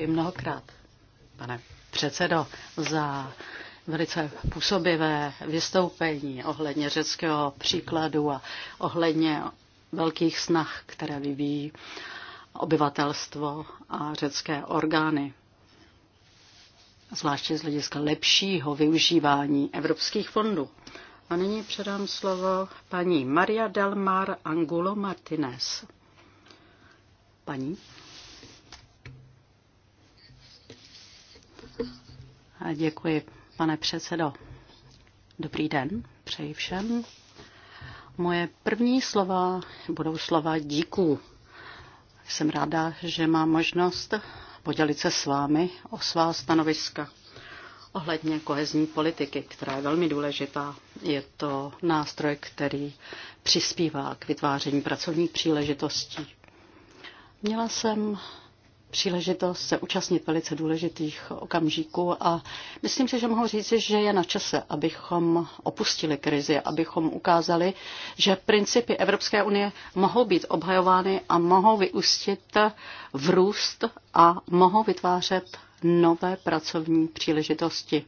mnohokrát, pane předsedo, za velice působivé vystoupení ohledně řeckého příkladu a ohledně velkých snah, které vyvíjí obyvatelstvo a řecké orgány. Zvláště z hlediska lepšího využívání evropských fondů. A nyní předám slovo paní Maria Mar Angulo Martinez. Paní? A děkuji, pane předsedo. Dobrý den, přeji všem. Moje první slova budou slova díků. Jsem ráda, že mám možnost podělit se s vámi o svá stanoviska ohledně kohezní politiky, která je velmi důležitá. Je to nástroj, který přispívá k vytváření pracovních příležitostí Měla jsem příležitost se účastnit velice důležitých okamžiků a myslím si, že mohu říct, že je na čase, abychom opustili krizi, abychom ukázali, že principy Evropské unie mohou být obhajovány a mohou vyústit v růst a mohou vytvářet nové pracovní příležitosti.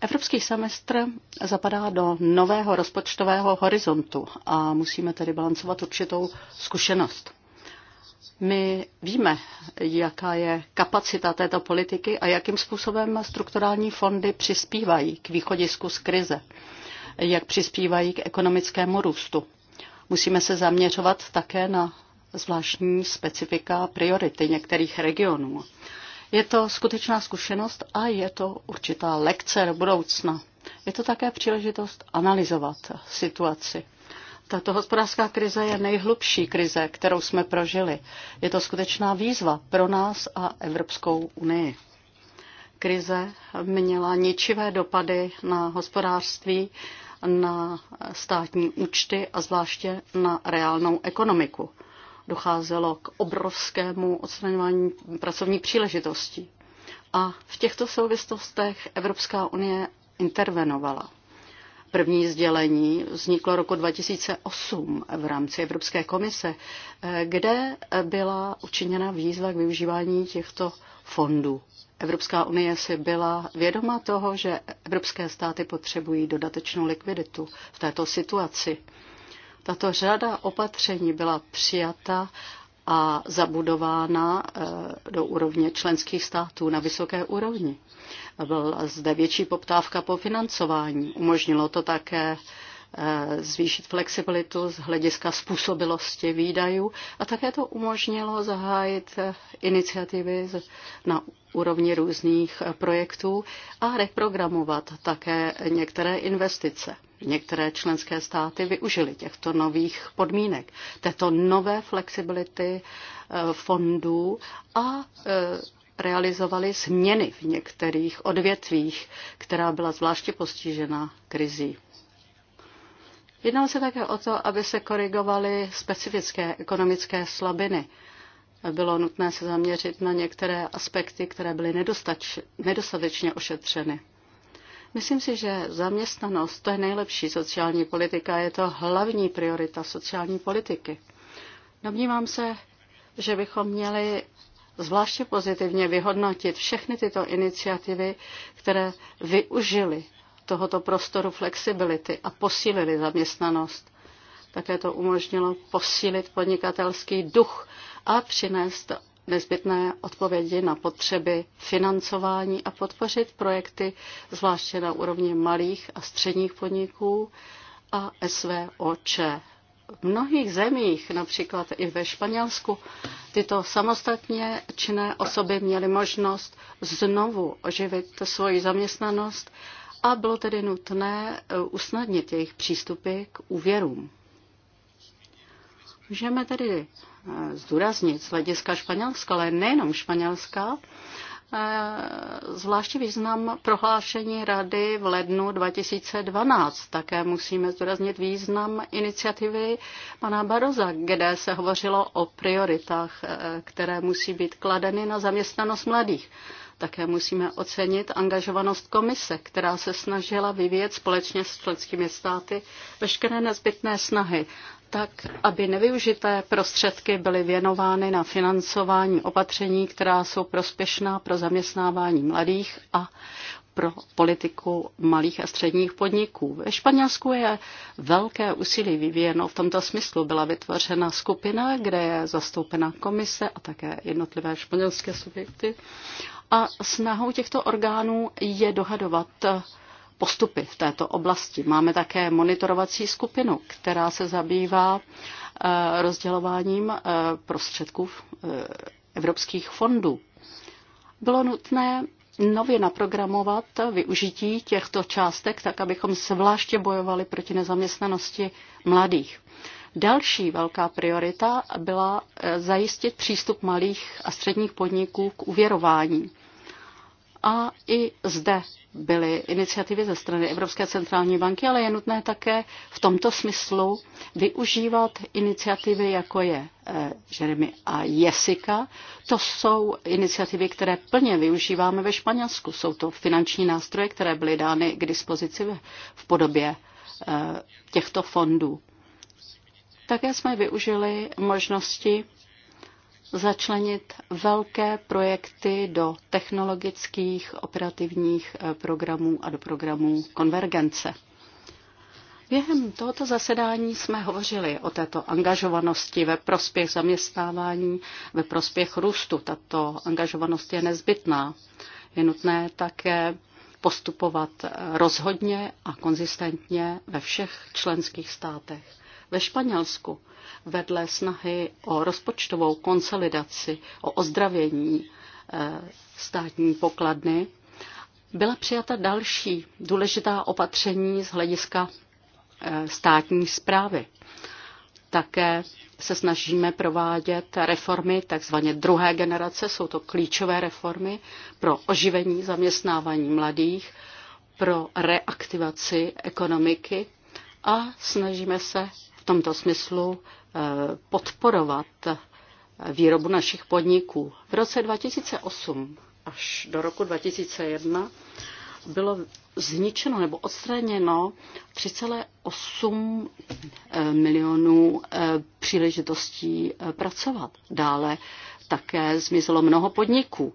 Evropský semestr zapadá do nového rozpočtového horizontu a musíme tedy balancovat určitou zkušenost. My víme, jaká je kapacita této politiky a jakým způsobem strukturální fondy přispívají k východisku z krize, jak přispívají k ekonomickému růstu. Musíme se zaměřovat také na zvláštní specifika priority některých regionů. Je to skutečná zkušenost a je to určitá lekce do budoucna. Je to také příležitost analyzovat situaci. Tato hospodářská krize je nejhlubší krize, kterou jsme prožili. Je to skutečná výzva pro nás a Evropskou unii. Krize měla ničivé dopady na hospodářství, na státní účty a zvláště na reálnou ekonomiku docházelo k obrovskému odstraňování pracovní příležitosti A v těchto souvislostech Evropská unie intervenovala. První sdělení vzniklo roku 2008 v rámci Evropské komise, kde byla učiněna výzva k využívání těchto fondů. Evropská unie si byla vědoma toho, že evropské státy potřebují dodatečnou likviditu v této situaci. Tato řada opatření byla přijata a zabudována e, do úrovně členských států na vysoké úrovni. Byla zde větší poptávka po financování. Umožnilo to také Eh, zvýšit flexibilitu z hlediska způsobilosti výdajů a také to umožnilo zahájit eh, iniciativy na úrovni různých eh, projektů a reprogramovat také některé investice. Některé členské státy využily těchto nových podmínek, této nové flexibility fondů a realizovali změny v některých odvětvích, která byla zvláště postižena krizí. Jednalo se také o to, aby se korigovaly specifické ekonomické slabiny. Bylo nutné se zaměřit na některé aspekty, které byly nedostač, nedostatečně ošetřeny. Myslím si, že zaměstnanost to je nejlepší sociální politika, je to hlavní priorita sociální politiky. Domnívám se, že bychom měli zvláště pozitivně vyhodnotit všechny tyto iniciativy, které využily tohoto prostoru flexibility a posílili zaměstnanost. Také to umožnilo posílit podnikatelský duch a přinést nezbytné odpovědi na potřeby financování a podpořit projekty zvláště na úrovni malých a středních podniků a SVOČ. V mnohých zemích, například i ve Španělsku, tyto samostatně činné osoby měly možnost znovu oživit svoji zaměstnanost a bylo tedy nutné e, usnadnit jejich přístupy k úvěrům. Můžeme tedy e, zdůraznit z hlediska Španělska, ale nejenom Španělska, e, zvláště význam prohlášení rady v lednu 2012. Také musíme zdůraznit význam iniciativy pana Baroza, kde se hovořilo o prioritách, které musí být kladeny na zaměstnanost mladých. Také musíme ocenit angažovanost komise, která se snažila vyvíjet společně s členskými státy veškeré nezbytné snahy, tak, aby nevyužité prostředky byly věnovány na financování opatření, která jsou prospěšná pro zaměstnávání mladých a pro politiku malých a středních podniků. Ve Španělsku je velké úsilí vyvíjeno. V tomto smyslu byla vytvořena skupina, kde je zastoupena komise a také jednotlivé španělské subjekty a snahou těchto orgánů je dohadovat postupy v této oblasti. Máme také monitorovací skupinu, která se zabývá eh, rozdělováním eh, prostředků eh, evropských fondů. Bylo nutné nově naprogramovat využití těchto částek, tak abychom zvláště bojovali proti nezaměstnanosti mladých. Další velká priorita byla zajistit přístup malých a středních podniků k uvěrování. A i zde byly iniciativy ze strany Evropské centrální banky, ale je nutné také v tomto smyslu využívat iniciativy, jako je eh, Jeremy a Jessica. To jsou iniciativy, které plně využíváme ve Španělsku. Jsou to finanční nástroje, které byly dány k dispozici v podobě eh, těchto fondů. Také jsme využili možnosti začlenit velké projekty do technologických operativních eh, programů a do programů konvergence. Během tohoto zasedání jsme hovořili o této angažovanosti ve prospěch zaměstnávání, ve prospěch růstu. Tato angažovanost je nezbytná. Je nutné také postupovat eh, rozhodně a konzistentně ve všech členských státech ve Španělsku vedle snahy o rozpočtovou konsolidaci, o ozdravění eh, státní pokladny, byla přijata další důležitá opatření z hlediska eh, státní zprávy. Také se snažíme provádět reformy takzvaně druhé generace, jsou to klíčové reformy pro oživení zaměstnávání mladých, pro reaktivaci ekonomiky a snažíme se v tomto smyslu eh, podporovat výrobu našich podniků. V roce 2008 až do roku 2001 bylo zničeno nebo odstraněno 3,8 eh, milionů eh, příležitostí pracovat. Dále také zmizelo mnoho podniků.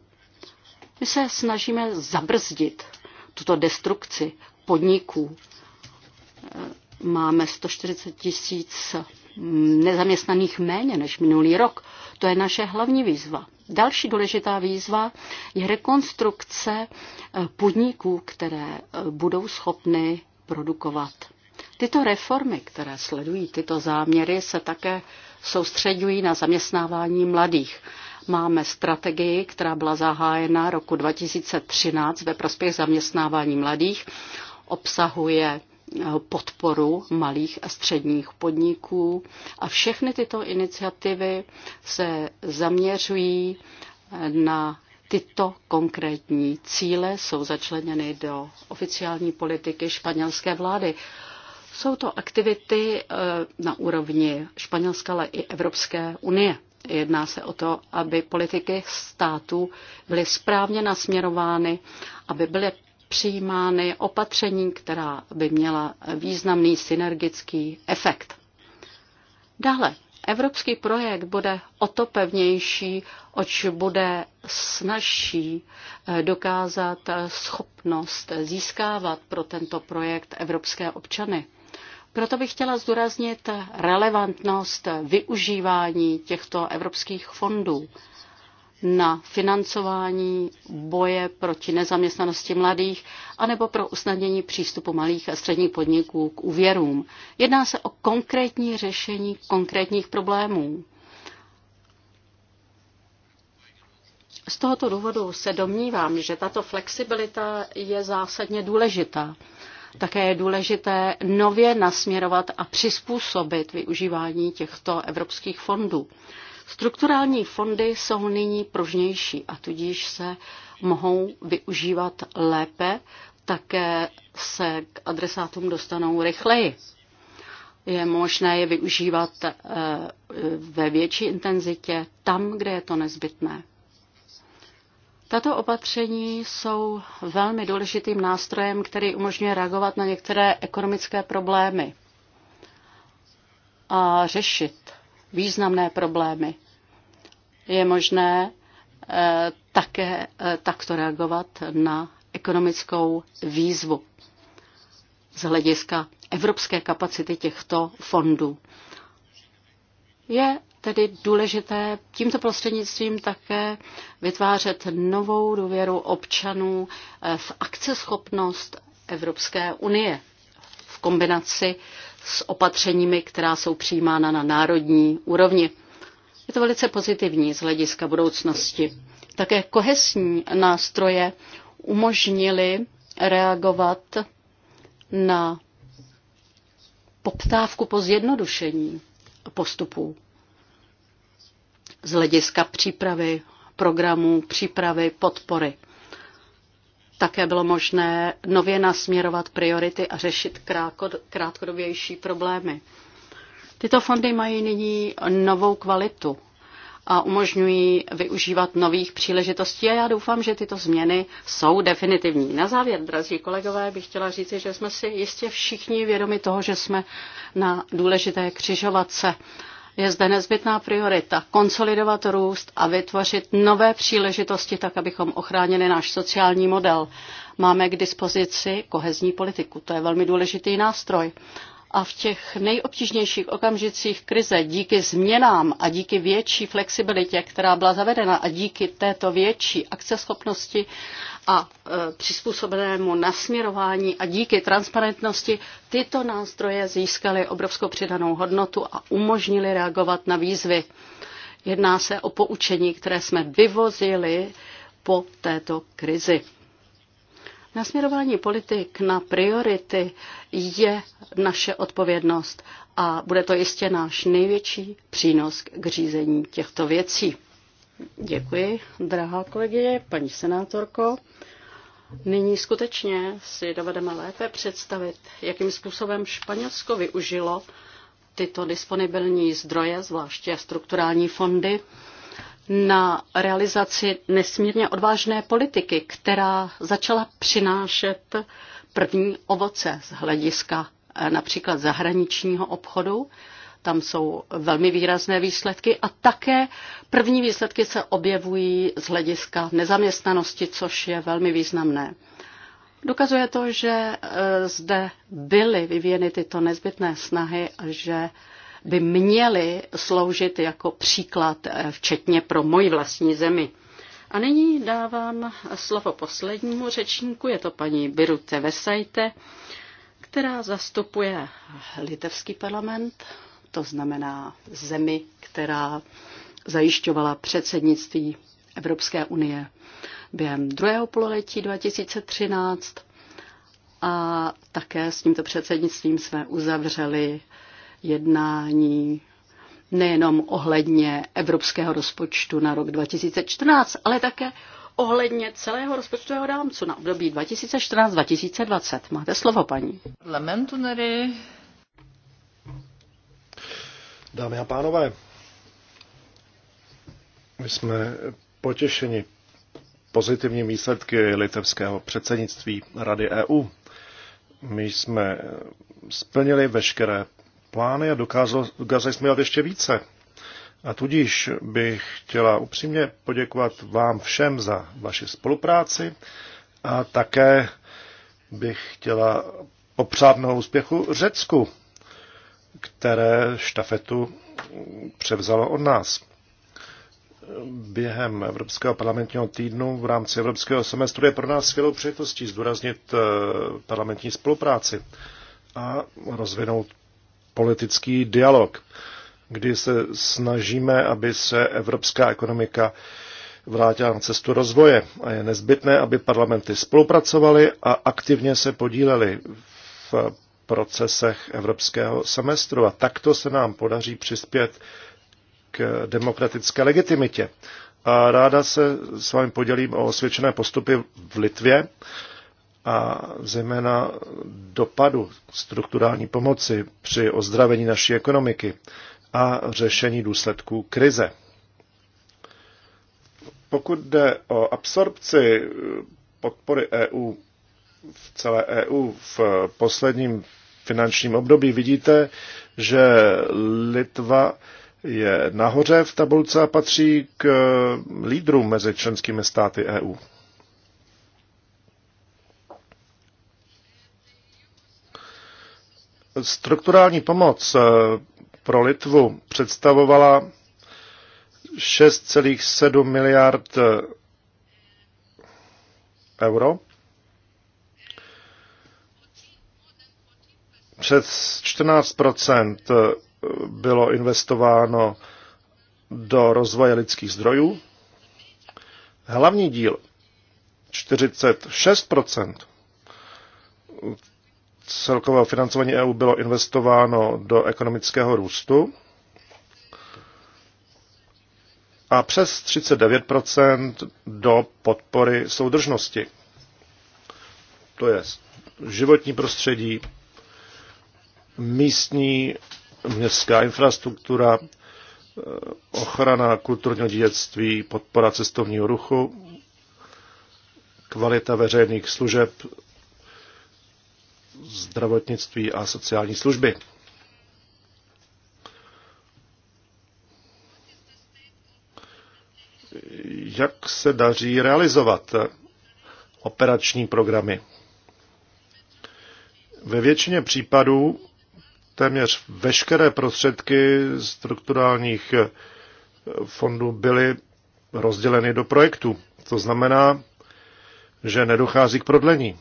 My se snažíme zabrzdit tuto destrukci podniků. Máme 140 tisíc mm, nezaměstnaných méně než minulý rok. To je naše hlavní výzva. Další důležitá výzva je rekonstrukce eh, podniků, které eh, budou schopny produkovat. Tyto reformy, které sledují tyto záměry, se také soustředují na zaměstnávání mladých. Máme strategii, která byla zahájena roku 2013 ve prospěch zaměstnávání mladých. Obsahuje podporu malých a středních podniků a všechny tyto iniciativy se zaměřují na tyto konkrétní cíle, jsou začleněny do oficiální politiky španělské vlády. Jsou to aktivity eh, na úrovni španělské ale i Evropské unie. Jedná se o to, aby politiky států byly správně nasměrovány, aby byly přijímány opatření, která by měla významný synergický efekt. Dále, evropský projekt bude o to pevnější, oč bude snažší eh, dokázat eh, schopnost získávat pro tento projekt evropské občany. Proto bych chtěla zdůraznit relevantnost využívání těchto evropských fondů na financování boje proti nezaměstnanosti mladých anebo pro usnadnění přístupu malých a středních podniků k úvěrům. Jedná se o konkrétní řešení konkrétních problémů. Z tohoto důvodu se domnívám, že tato flexibilita je zásadně důležitá. Také je důležité nově nasměrovat a přizpůsobit využívání těchto evropských fondů. Strukturální fondy jsou nyní pružnější a tudíž se mohou využívat lépe, také se k adresátům dostanou rychleji. Je možné je využívat eh, ve větší intenzitě tam, kde je to nezbytné. Tato opatření jsou velmi důležitým nástrojem, který umožňuje reagovat na některé ekonomické problémy a řešit významné problémy. Je možné eh, také eh, takto reagovat na ekonomickou výzvu z hlediska evropské kapacity těchto fondů. Je tedy důležité tímto prostřednictvím také vytvářet novou důvěru občanů eh, v akceschopnost Evropské unie v kombinaci s opatřeními, která jsou přijímána na národní úrovni. Je to velice pozitivní z hlediska budoucnosti. Také kohesní nástroje umožnily reagovat na poptávku po zjednodušení postupů z hlediska přípravy programů, přípravy podpory. Také bylo možné nově nasměrovat priority a řešit krátkodobější problémy. Tyto fondy mají nyní novou kvalitu a umožňují využívat nových příležitostí a já doufám, že tyto změny jsou definitivní. Na závěr, drazí kolegové, bych chtěla říci, že jsme si jistě všichni vědomi toho, že jsme na důležité křižovatce je zde nezbytná priorita konsolidovat růst a vytvořit nové příležitosti tak, abychom ochránili náš sociální model. Máme k dispozici kohezní politiku, to je velmi důležitý nástroj a v těch nejobtížnějších okamžicích krize díky změnám a díky větší flexibilitě, která byla zavedena a díky této větší akceschopnosti a e, přizpůsobenému nasměrování a díky transparentnosti tyto nástroje získaly obrovskou přidanou hodnotu a umožnili reagovat na výzvy. Jedná se o poučení, které jsme vyvozili po této krizi. Nasměrování politik na priority je naše odpovědnost a bude to jistě náš největší přínos k řízení těchto věcí. Děkuji, drahá kolegyně, paní senátorko. Nyní skutečně si dovedeme lépe představit, jakým způsobem Španělsko využilo tyto disponibilní zdroje, zvláště strukturální fondy, na realizaci nesmírně odvážné politiky, která začala přinášet první ovoce z hlediska eh, například zahraničního obchodu. Tam jsou velmi výrazné výsledky a také první výsledky se objevují z hlediska nezaměstnanosti, což je velmi významné. Dokazuje to, že eh, zde byly vyvíjeny tyto nezbytné snahy a že by měly sloužit jako příklad, eh, včetně pro moji vlastní zemi. A nyní dávám slovo poslednímu řečníku, je to paní Birute Vesajte, která zastupuje litevský parlament, to znamená zemi, která zajišťovala předsednictví Evropské unie během druhého pololetí 2013 a také s tímto předsednictvím jsme uzavřeli jednání nejenom ohledně evropského rozpočtu na rok 2014, ale také ohledně celého rozpočtového rámcu na období 2014-2020. Máte slovo, paní. Dámy a pánové, my jsme potěšeni pozitivní výsledky litevského předsednictví Rady EU. My jsme splnili veškeré plány a dokázali jsme dělat ještě více. A tudíž bych chtěla upřímně poděkovat vám všem za vaši spolupráci a také bych chtěla popřát mnoho úspěchu Řecku, které štafetu převzalo od nás. Během Evropského parlamentního týdnu v rámci Evropského semestru je pro nás skvělou příležitostí zdůraznit eh, parlamentní spolupráci a rozvinout politický dialog, kdy se snažíme, aby se evropská ekonomika vrátila na cestu rozvoje a je nezbytné, aby parlamenty spolupracovaly a aktivně se podílely v procesech evropského semestru. A takto se nám podaří přispět k demokratické legitimitě. A ráda se s vámi podělím o osvědčené postupy v Litvě a zejména dopadu strukturální pomoci při ozdravení naší ekonomiky a řešení důsledků krize. Pokud jde o absorpci podpory EU v celé EU v posledním finančním období, vidíte, že Litva je nahoře v tabulce a patří k lídrům mezi členskými státy EU. Strukturální pomoc eh, pro Litvu představovala 6,7 miliard eh, euro. Přes 14 eh, bylo investováno do rozvoje lidských zdrojů. Hlavní díl 46 celkového financování EU bylo investováno do ekonomického růstu a přes 39 do podpory soudržnosti. To je životní prostředí, místní městská infrastruktura, eh, ochrana kulturního dědictví, podpora cestovního ruchu, kvalita veřejných služeb, zdravotnictví a sociální služby. Jak se daří realizovat operační programy? Ve většině případů téměř veškeré prostředky strukturálních fondů byly rozděleny do projektů. To znamená, že nedochází k prodlení.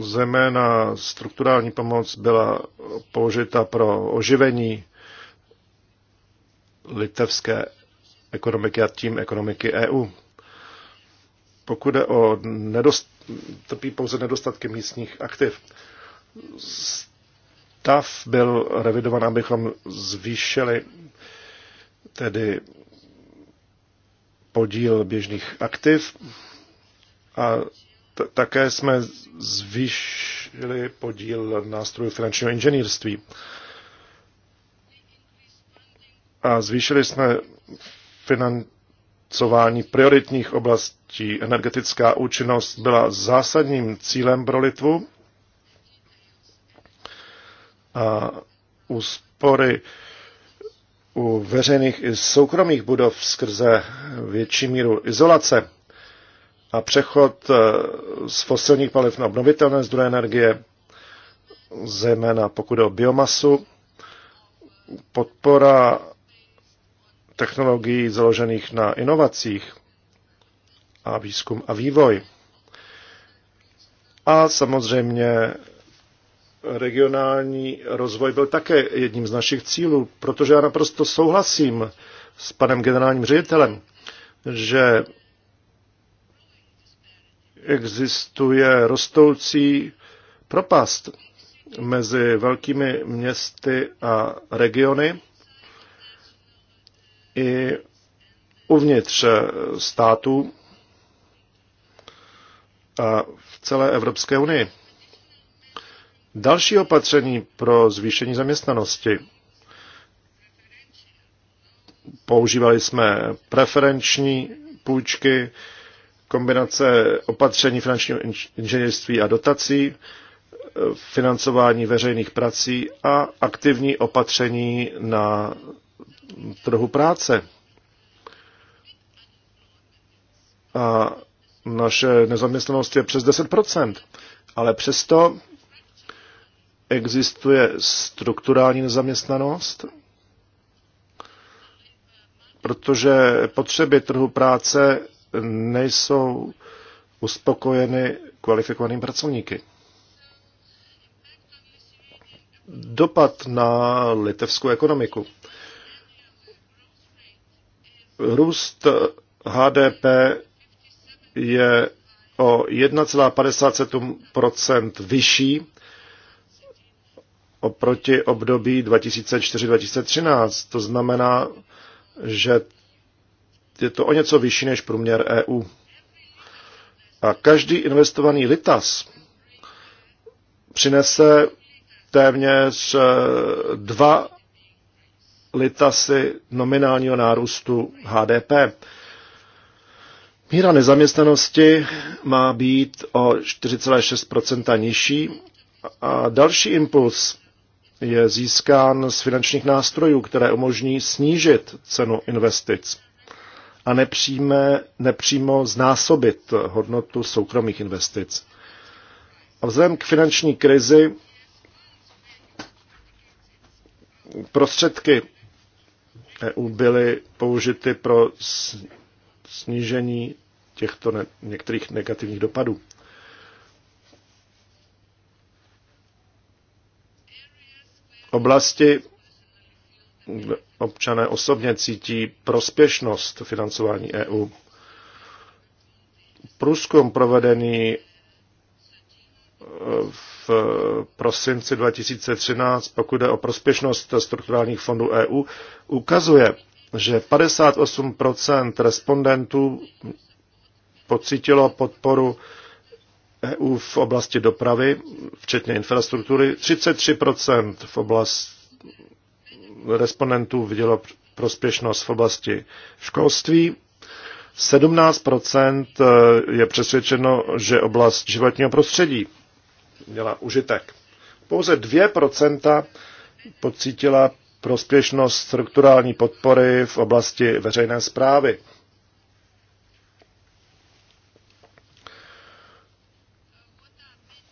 zeména strukturální pomoc byla použita pro oživení litevské ekonomiky a tím ekonomiky EU. Pokud je o nedost, trpí pouze nedostatky místních aktiv. Stav byl revidovan, abychom zvýšili tedy podíl běžných aktiv a také jsme zvýšili podíl nástrojů finančního inženýrství. A zvýšili jsme financování prioritních oblastí. Energetická účinnost byla zásadním cílem pro Litvu. A úspory u veřejných i soukromých budov skrze větší míru izolace a přechod eh, z fosilních paliv na obnovitelné zdroje energie, zejména pokud je o biomasu, podpora technologií založených na inovacích a výzkum a vývoj. A samozřejmě regionální rozvoj byl také jedním z našich cílů, protože já naprosto souhlasím s panem generálním ředitelem, že existuje rostoucí propast mezi velkými městy a regiony i uvnitř států a v celé Evropské unii. Další opatření pro zvýšení zaměstnanosti. Používali jsme preferenční půjčky, kombinace opatření finančního inženýrství a dotací, financování veřejných prací a aktivní opatření na trhu práce. A naše nezaměstnanost je přes 10%, ale přesto existuje strukturální nezaměstnanost, protože potřeby trhu práce nejsou uspokojeny kvalifikovanými pracovníky. Dopad na litevskou ekonomiku. Růst HDP je o 1,57 vyšší oproti období 2004-2013. To znamená, že je to o něco vyšší než průměr EU. A každý investovaný litas přinese téměř eh, dva litasy nominálního nárůstu HDP. Míra nezaměstnanosti má být o 4,6 nižší a další impuls je získán z finančních nástrojů, které umožní snížit cenu investic a nepřímé, nepřímo znásobit hodnotu soukromých investic. A vzhledem k finanční krizi prostředky EU byly použity pro snížení těchto ne- některých negativních dopadů. Oblasti, občané osobně cítí prospěšnost financování EU. Průzkum provedený e, v prosinci 2013, pokud jde o prospěšnost strukturálních fondů EU, ukazuje, že 58% respondentů pocítilo podporu EU v oblasti dopravy, včetně infrastruktury, 33% v oblasti respondentů vidělo prospěšnost v oblasti školství. 17% eh, je přesvědčeno, že oblast životního prostředí měla užitek. Pouze 2% pocítila prospěšnost strukturální podpory v oblasti veřejné zprávy.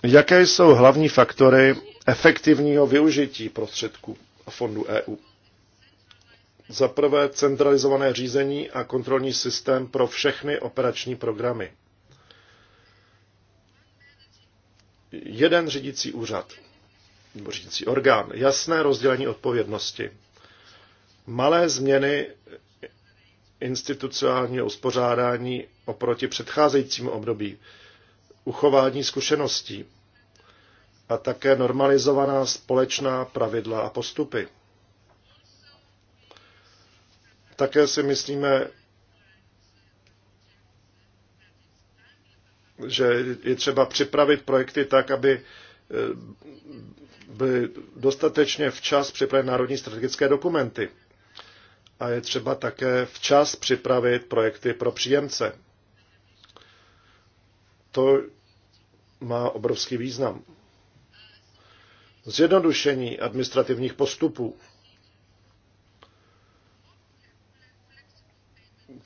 Jaké jsou hlavní faktory efektivního využití prostředků? a fondů EU. Za prvé centralizované řízení a kontrolní systém pro všechny operační programy. Jeden řídící úřad, nebo řídící orgán, jasné rozdělení odpovědnosti. Malé změny institucionálního uspořádání oproti předcházejícímu období, uchování zkušeností, a také normalizovaná společná pravidla a postupy. Také si myslíme, že je třeba připravit projekty tak, aby eh, byly dostatečně včas připraveny národní strategické dokumenty. A je třeba také včas připravit projekty pro příjemce. To má obrovský význam zjednodušení administrativních postupů,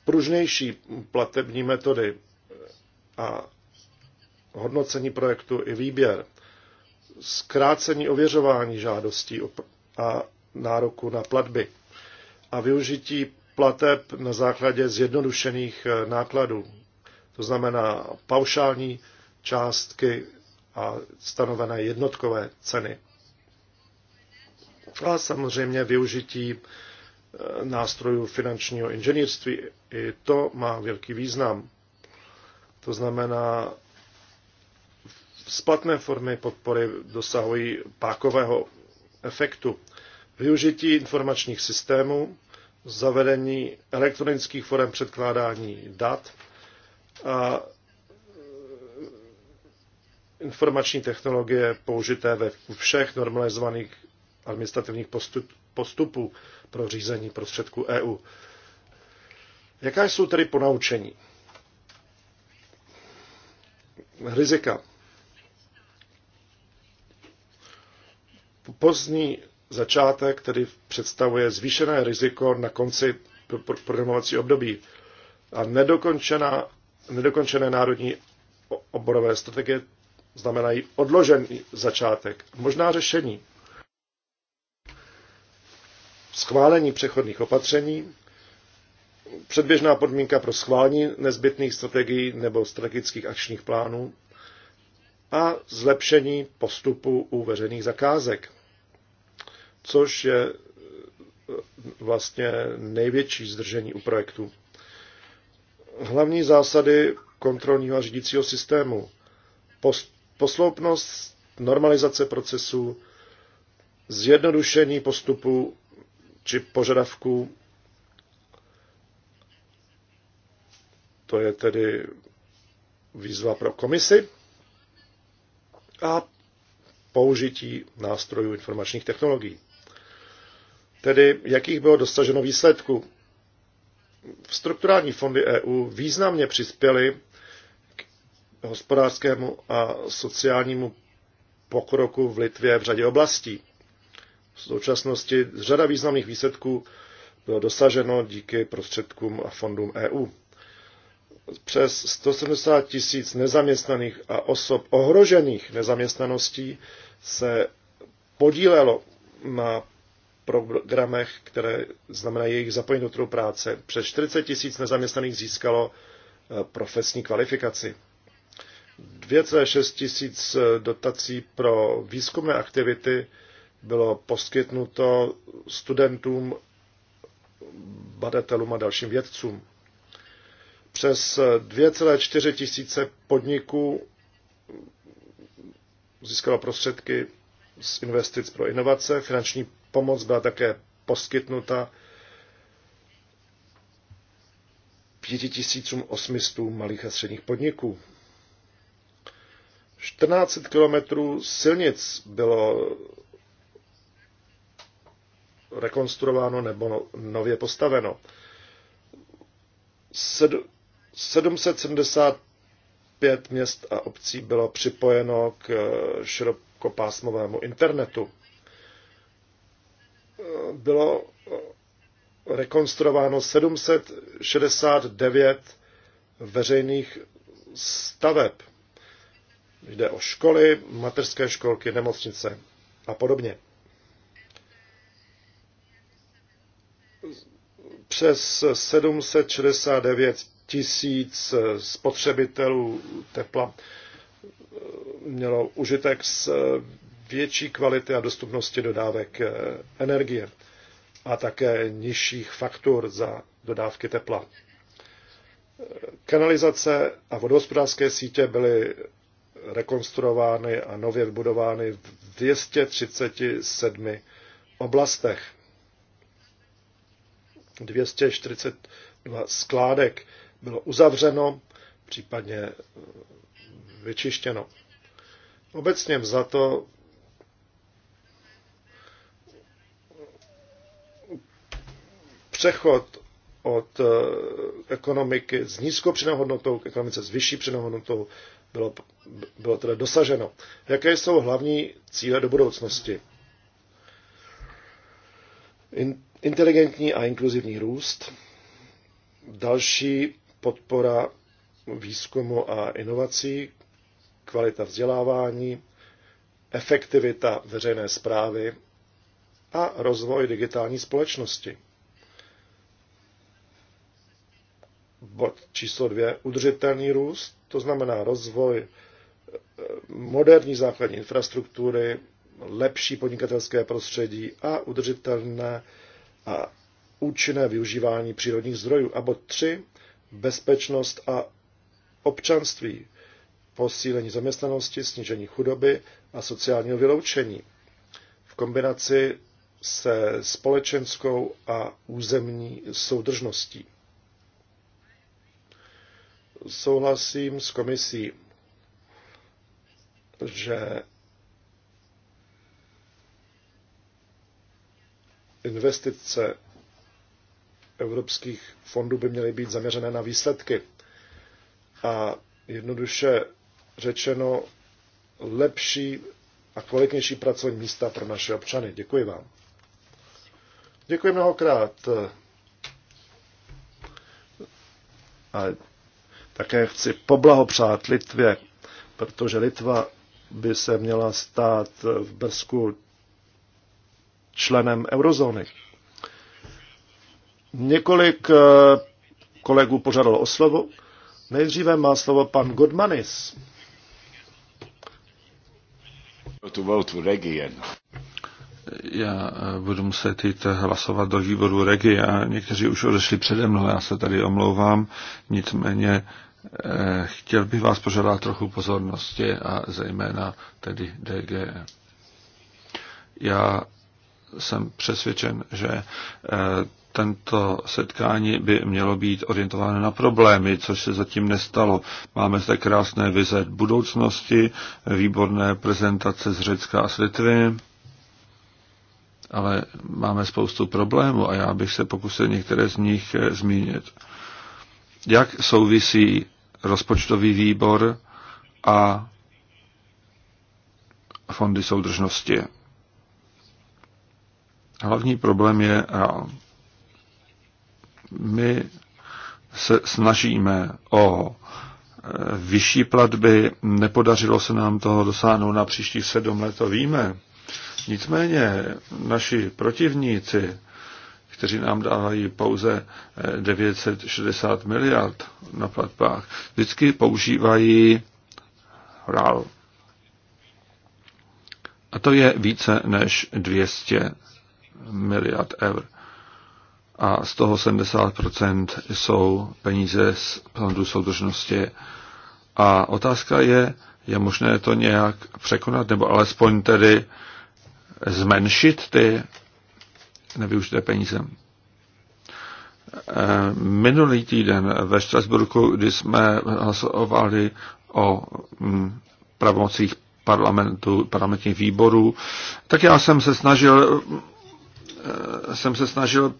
pružnější platební metody a hodnocení projektu i výběr, zkrácení ověřování žádostí a nároku na platby a využití plateb na základě zjednodušených eh, nákladů, to znamená paušální částky a stanovené jednotkové ceny a samozřejmě využití e, nástrojů finančního inženýrství. I to má velký význam. To znamená, splatné formy podpory dosahují pákového efektu. Využití informačních systémů, zavedení elektronických forem předkládání dat a e, informační technologie použité ve všech normalizovaných administrativních postupů pro řízení prostředků EU. Jaká jsou tedy ponaučení? Rizika. Pozdní začátek tedy představuje zvýšené riziko na konci programovací období a nedokončená, nedokončené národní oborové strategie znamenají odložený začátek. Možná řešení schválení přechodných opatření, předběžná podmínka pro schválení nezbytných strategií nebo strategických akčních plánů a zlepšení postupu u veřejných zakázek, což je e, vlastně největší zdržení u projektu. Hlavní zásady kontrolního a řídícího systému. Posloupnost, normalizace procesu, zjednodušení postupu či požadavků. To je tedy výzva pro komisi a použití nástrojů informačních technologií. Tedy jakých bylo dosaženo výsledků? v Strukturální fondy EU významně přispěly k hospodářskému a sociálnímu pokroku v Litvě v řadě oblastí. V současnosti řada významných výsledků bylo dosaženo díky prostředkům a fondům EU. Přes 170 tisíc nezaměstnaných a osob ohrožených nezaměstnaností se podílelo na programech, které znamenají jejich zapojení do trhu práce. Přes 40 tisíc nezaměstnaných získalo eh, profesní kvalifikaci. 2,6 tisíc eh, dotací pro výzkumné aktivity bylo poskytnuto studentům, badatelům a dalším vědcům. Přes 2,4 tisíce podniků získalo prostředky z investic pro inovace. Finanční pomoc byla také poskytnuta 5800 malých a středních podniků. 14 kilometrů silnic bylo rekonstruováno nebo no, nově postaveno. 775 měst a obcí bylo připojeno k eh, širokopásmovému internetu. Eh, bylo eh, rekonstruováno 769 veřejných staveb. Jde o školy, mateřské školky, nemocnice a podobně. přes 769 tisíc eh, spotřebitelů tepla eh, mělo užitek z eh, větší kvality a dostupnosti dodávek energie a také nižších faktur za dodávky tepla. Kanalizace a vodohospodářské sítě byly rekonstruovány a nově vybudovány v 237 oblastech. 242 skládek bylo uzavřeno, případně eh, vyčištěno. Obecně za to přechod od eh, ekonomiky s nízkou přidanou k ekonomice s vyšší přidanou bylo, bylo teda dosaženo. Jaké jsou hlavní cíle do budoucnosti? Inteligentní a inkluzivní růst. Další podpora výzkumu a inovací, kvalita vzdělávání, efektivita veřejné zprávy a rozvoj digitální společnosti. Bod číslo dvě, udržitelný růst, to znamená rozvoj eh, moderní základní infrastruktury, lepší podnikatelské prostředí a udržitelné a účinné využívání přírodních zdrojů. A bod 3. Bezpečnost a občanství, posílení zaměstnanosti, snížení chudoby a sociálního vyloučení v kombinaci se společenskou a územní soudržností. Souhlasím s komisí, že investice evropských fondů by měly být zaměřené na výsledky. A jednoduše řečeno, lepší a kvalitnější pracovní místa pro naše občany. Děkuji vám. Děkuji mnohokrát. A také chci poblahopřát Litvě, protože Litva by se měla stát v Brzku členem eurozóny. Několik eh, kolegů požádalo o slovo. Nejdříve má slovo pan Godmanis. Já eh, budu muset jít eh, hlasovat do výboru Regi a někteří už odešli přede mnou, já se tady omlouvám. Nicméně chtěl bych vás požádat trochu pozornosti a zejména tedy DG. Já jsem přesvědčen, že eh, tento setkání by mělo být orientováno na problémy, což se zatím nestalo. Máme zde krásné vize budoucnosti, výborné prezentace z Řecka a z Litvy, ale máme spoustu problémů a já bych se pokusil některé z nich eh, zmínit. Jak souvisí rozpočtový výbor a fondy soudržnosti? Hlavní problém je, my se snažíme o e, vyšší platby, nepodařilo se nám toho dosáhnout na příštích sedm let, to víme. Nicméně naši protivníci, kteří nám dávají pouze 960 e, miliard na platbách, vždycky používají RAL. A to je více než 200 miliard eur. A z toho 70% jsou peníze z fondu soudržnosti. A otázka je, je možné to nějak překonat, nebo alespoň tedy zmenšit ty nevyužité peníze. Eh, minulý týden ve Štrasburku, kdy jsme hlasovali o hm, pravomocích parlamentu, parlamentních výborů, tak já jsem se snažil Eh, jsem se snažil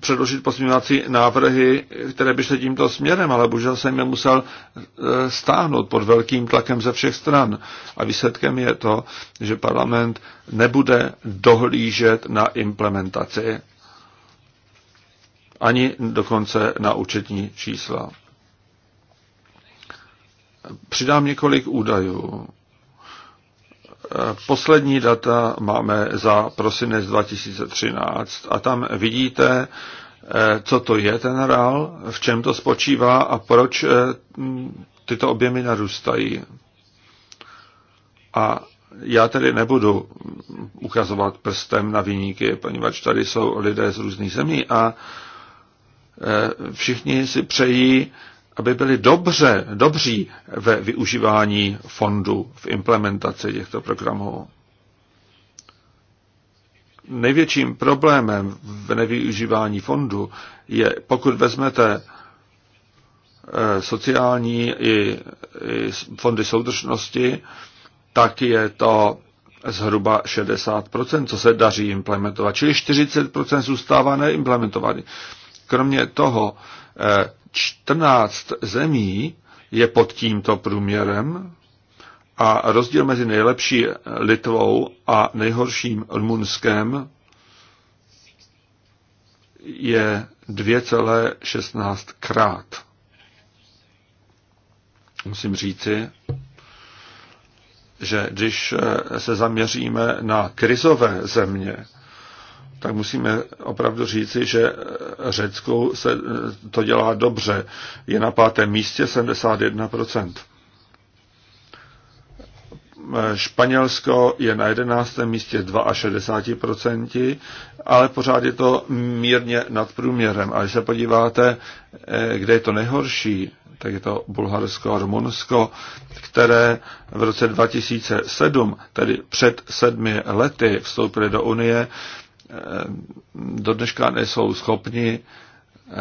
předložit pozměňovací návrhy, které by šly tímto směrem, ale bohužel jsem je musel eh, stáhnout pod velkým tlakem ze všech stran. A výsledkem je to, že parlament nebude dohlížet na implementaci ani dokonce na účetní čísla. Přidám několik údajů. Poslední data máme za prosinec 2013 a tam vidíte, eh, co to je ten RAL, v čem to spočívá a proč eh, tyto objemy narůstají. A já tedy nebudu ukazovat prstem na vyníky, poněvadž tady jsou lidé z různých zemí a eh, všichni si přejí aby byli dobře, dobří ve využívání fondu v implementaci těchto programů. Největším problémem v nevyužívání fondu je, pokud vezmete eh, sociální i, i fondy soudržnosti, tak je to zhruba 60%, co se daří implementovat. Čili 40% zůstává neimplementovaný. Kromě toho eh, 14 zemí je pod tímto průměrem a rozdíl mezi nejlepší Litvou a nejhorším Rumunskem je 2,16 krát. Musím říci, že když se zaměříme na krizové země, tak musíme opravdu říci, že Řecku se to dělá dobře. Je na pátém místě 71%. Španělsko je na 11. místě 62%, ale pořád je to mírně nad průměrem. A když se podíváte, kde je to nejhorší, tak je to Bulharsko a Rumunsko, které v roce 2007, tedy před sedmi lety, vstoupily do Unie, do dneška nejsou schopni eh,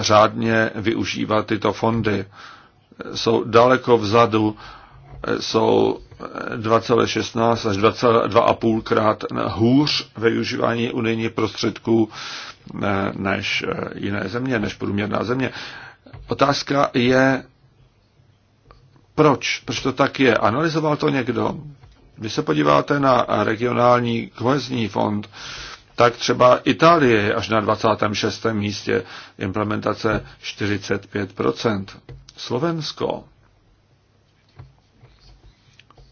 řádně využívat tyto fondy. Jsou daleko vzadu, eh, jsou 2,16 eh, až 2,5 krát hůř využívání unijních prostředků než jiné země, než průměrná země. Otázka je, proč? Proč to tak je? Analyzoval to někdo? Když se podíváte na regionální kohezní fond, tak třeba Itálie je až na 26. místě implementace 45 Slovensko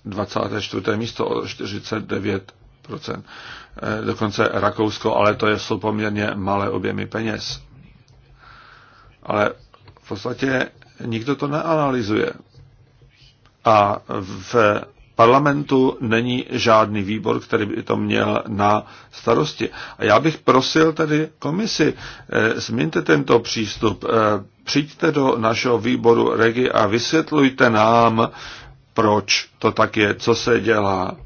24. místo 49 eh, dokonce Rakousko, ale to jsou poměrně malé objemy peněz. Ale v podstatě nikdo to neanalizuje. A v parlamentu není žádný výbor, který by to měl na starosti. A já bych prosil tedy komisi, eh, změňte tento přístup, eh, přijďte do našeho výboru Regi a vysvětlujte nám, proč to tak je, co se dělá.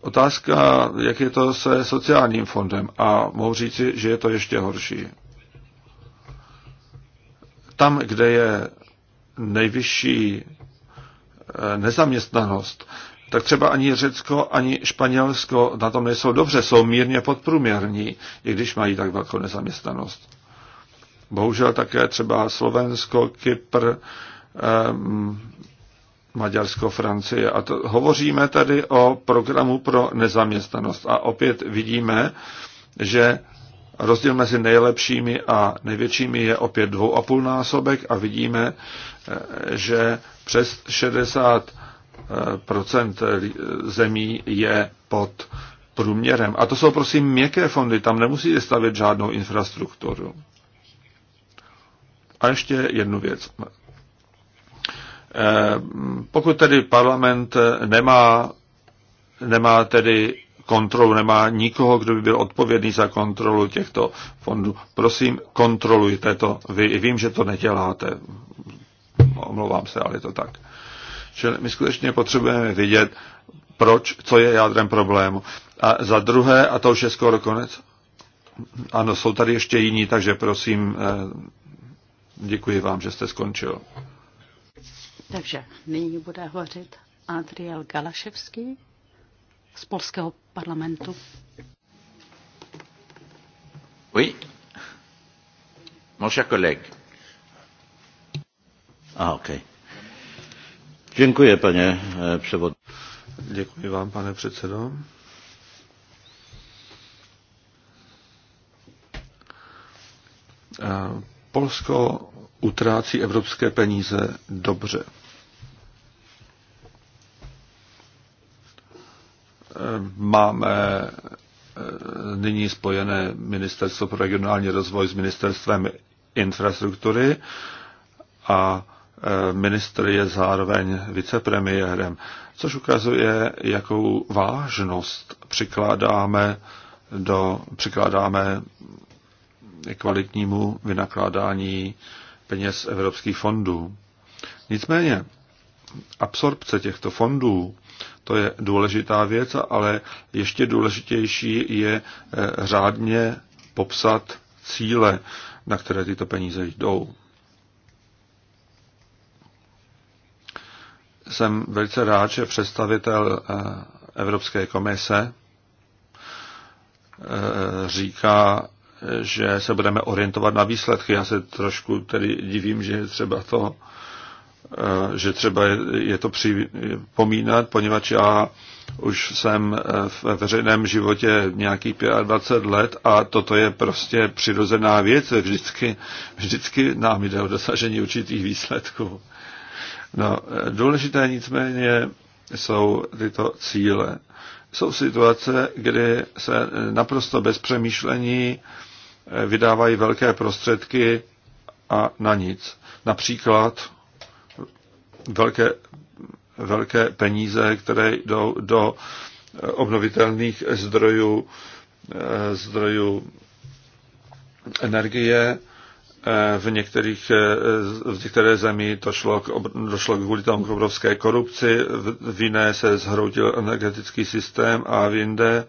Otázka, jak je to se sociálním fondem. A mohu říci, že je to ještě horší. Tam, kde je nejvyšší eh, nezaměstnanost, tak třeba ani Řecko, ani Španělsko na tom nejsou dobře, jsou mírně podprůměrní, i když mají tak velkou nezaměstnanost. Bohužel také třeba Slovensko, Kypr, um, Maďarsko, Francie. A to, hovoříme tady o programu pro nezaměstnanost. A opět vidíme, že Rozdíl mezi nejlepšími a největšími je opět dvou a půl násobek a vidíme, eh, že přes 60 eh, eh, zemí je pod průměrem. A to jsou prosím měkké fondy, tam nemusíte stavět žádnou infrastrukturu. A ještě jednu věc. Pokud tedy parlament nemá, nemá tedy kontrolu, nemá nikoho, kdo by byl odpovědný za kontrolu těchto fondů. Prosím, kontrolujte to. Vy vím, že to neděláte. Omlouvám se, ale je to tak. Čili my skutečně potřebujeme vidět, proč, co je jádrem problému. A za druhé, a to už je skoro konec, ano, jsou tady ještě jiní, takže prosím, eh, děkuji vám, že jste skončil. Takže nyní bude hovořit Adriel Galaševský, z polského parlamentu. Oui. Mon cher collègue. Ah, OK. Děkuji, pane převod. Děkuji vám, pane předsedo. Polsko utrácí evropské peníze dobře. Eh, máme eh, nyní spojené Ministerstvo pro regionální rozvoj s Ministerstvem infrastruktury a eh, ministr je zároveň vicepremiérem, což ukazuje, jakou vážnost přikládáme, do, přikládáme kvalitnímu vynakládání peněz evropských fondů. Nicméně absorpce těchto fondů to je důležitá věc, ale ještě důležitější je eh, řádně popsat cíle, na které tyto peníze jdou. Jsem velice rád, že představitel eh, Evropské komise eh, říká, že se budeme orientovat na výsledky. Já se trošku tedy divím, že třeba to Eh, že třeba je to připomínat, poněvadž já už jsem eh, ve veřejném životě nějakých 25 let a toto je prostě přirozená věc. Vždycky, vždycky nám jde o dosažení určitých výsledků. No, eh, důležité nicméně jsou tyto cíle. Jsou situace, kdy se naprosto bez přemýšlení vydávají velké prostředky a na nic. Například velké, velké peníze, které jdou do obnovitelných zdrojů, eh, zdrojů energie. Eh, v některých eh, v některé zemi to šlo k, došlo kvůli tomu k obrovské korupci, v jiné se zhroutil energetický systém a v jinde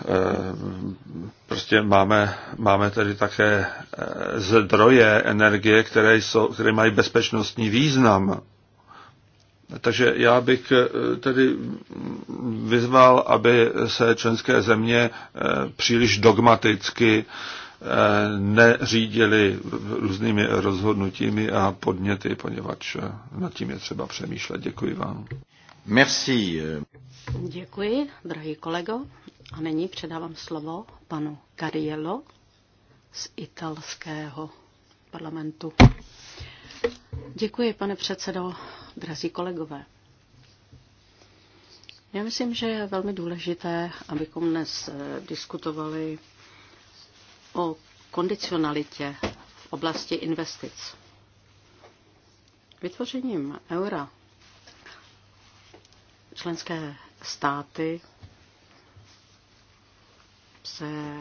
Eh, prostě máme, máme tedy také eh, zdroje energie, které, jsou, které mají bezpečnostní význam. Takže já bych eh, tedy vyzval, aby se členské země příliš dogmaticky neřídili různými rozhodnutími a podněty, poněvadž nad tím je třeba přemýšlet. Děkuji vám. Merci. Děkuji, drahý kolego. A nyní předávám slovo panu Cariello z italského parlamentu. Děkuji, pane předsedo, drazí kolegové. Já myslím, že je velmi důležité, abychom dnes eh, diskutovali o kondicionalitě v oblasti investic. Vytvořením eura členské státy se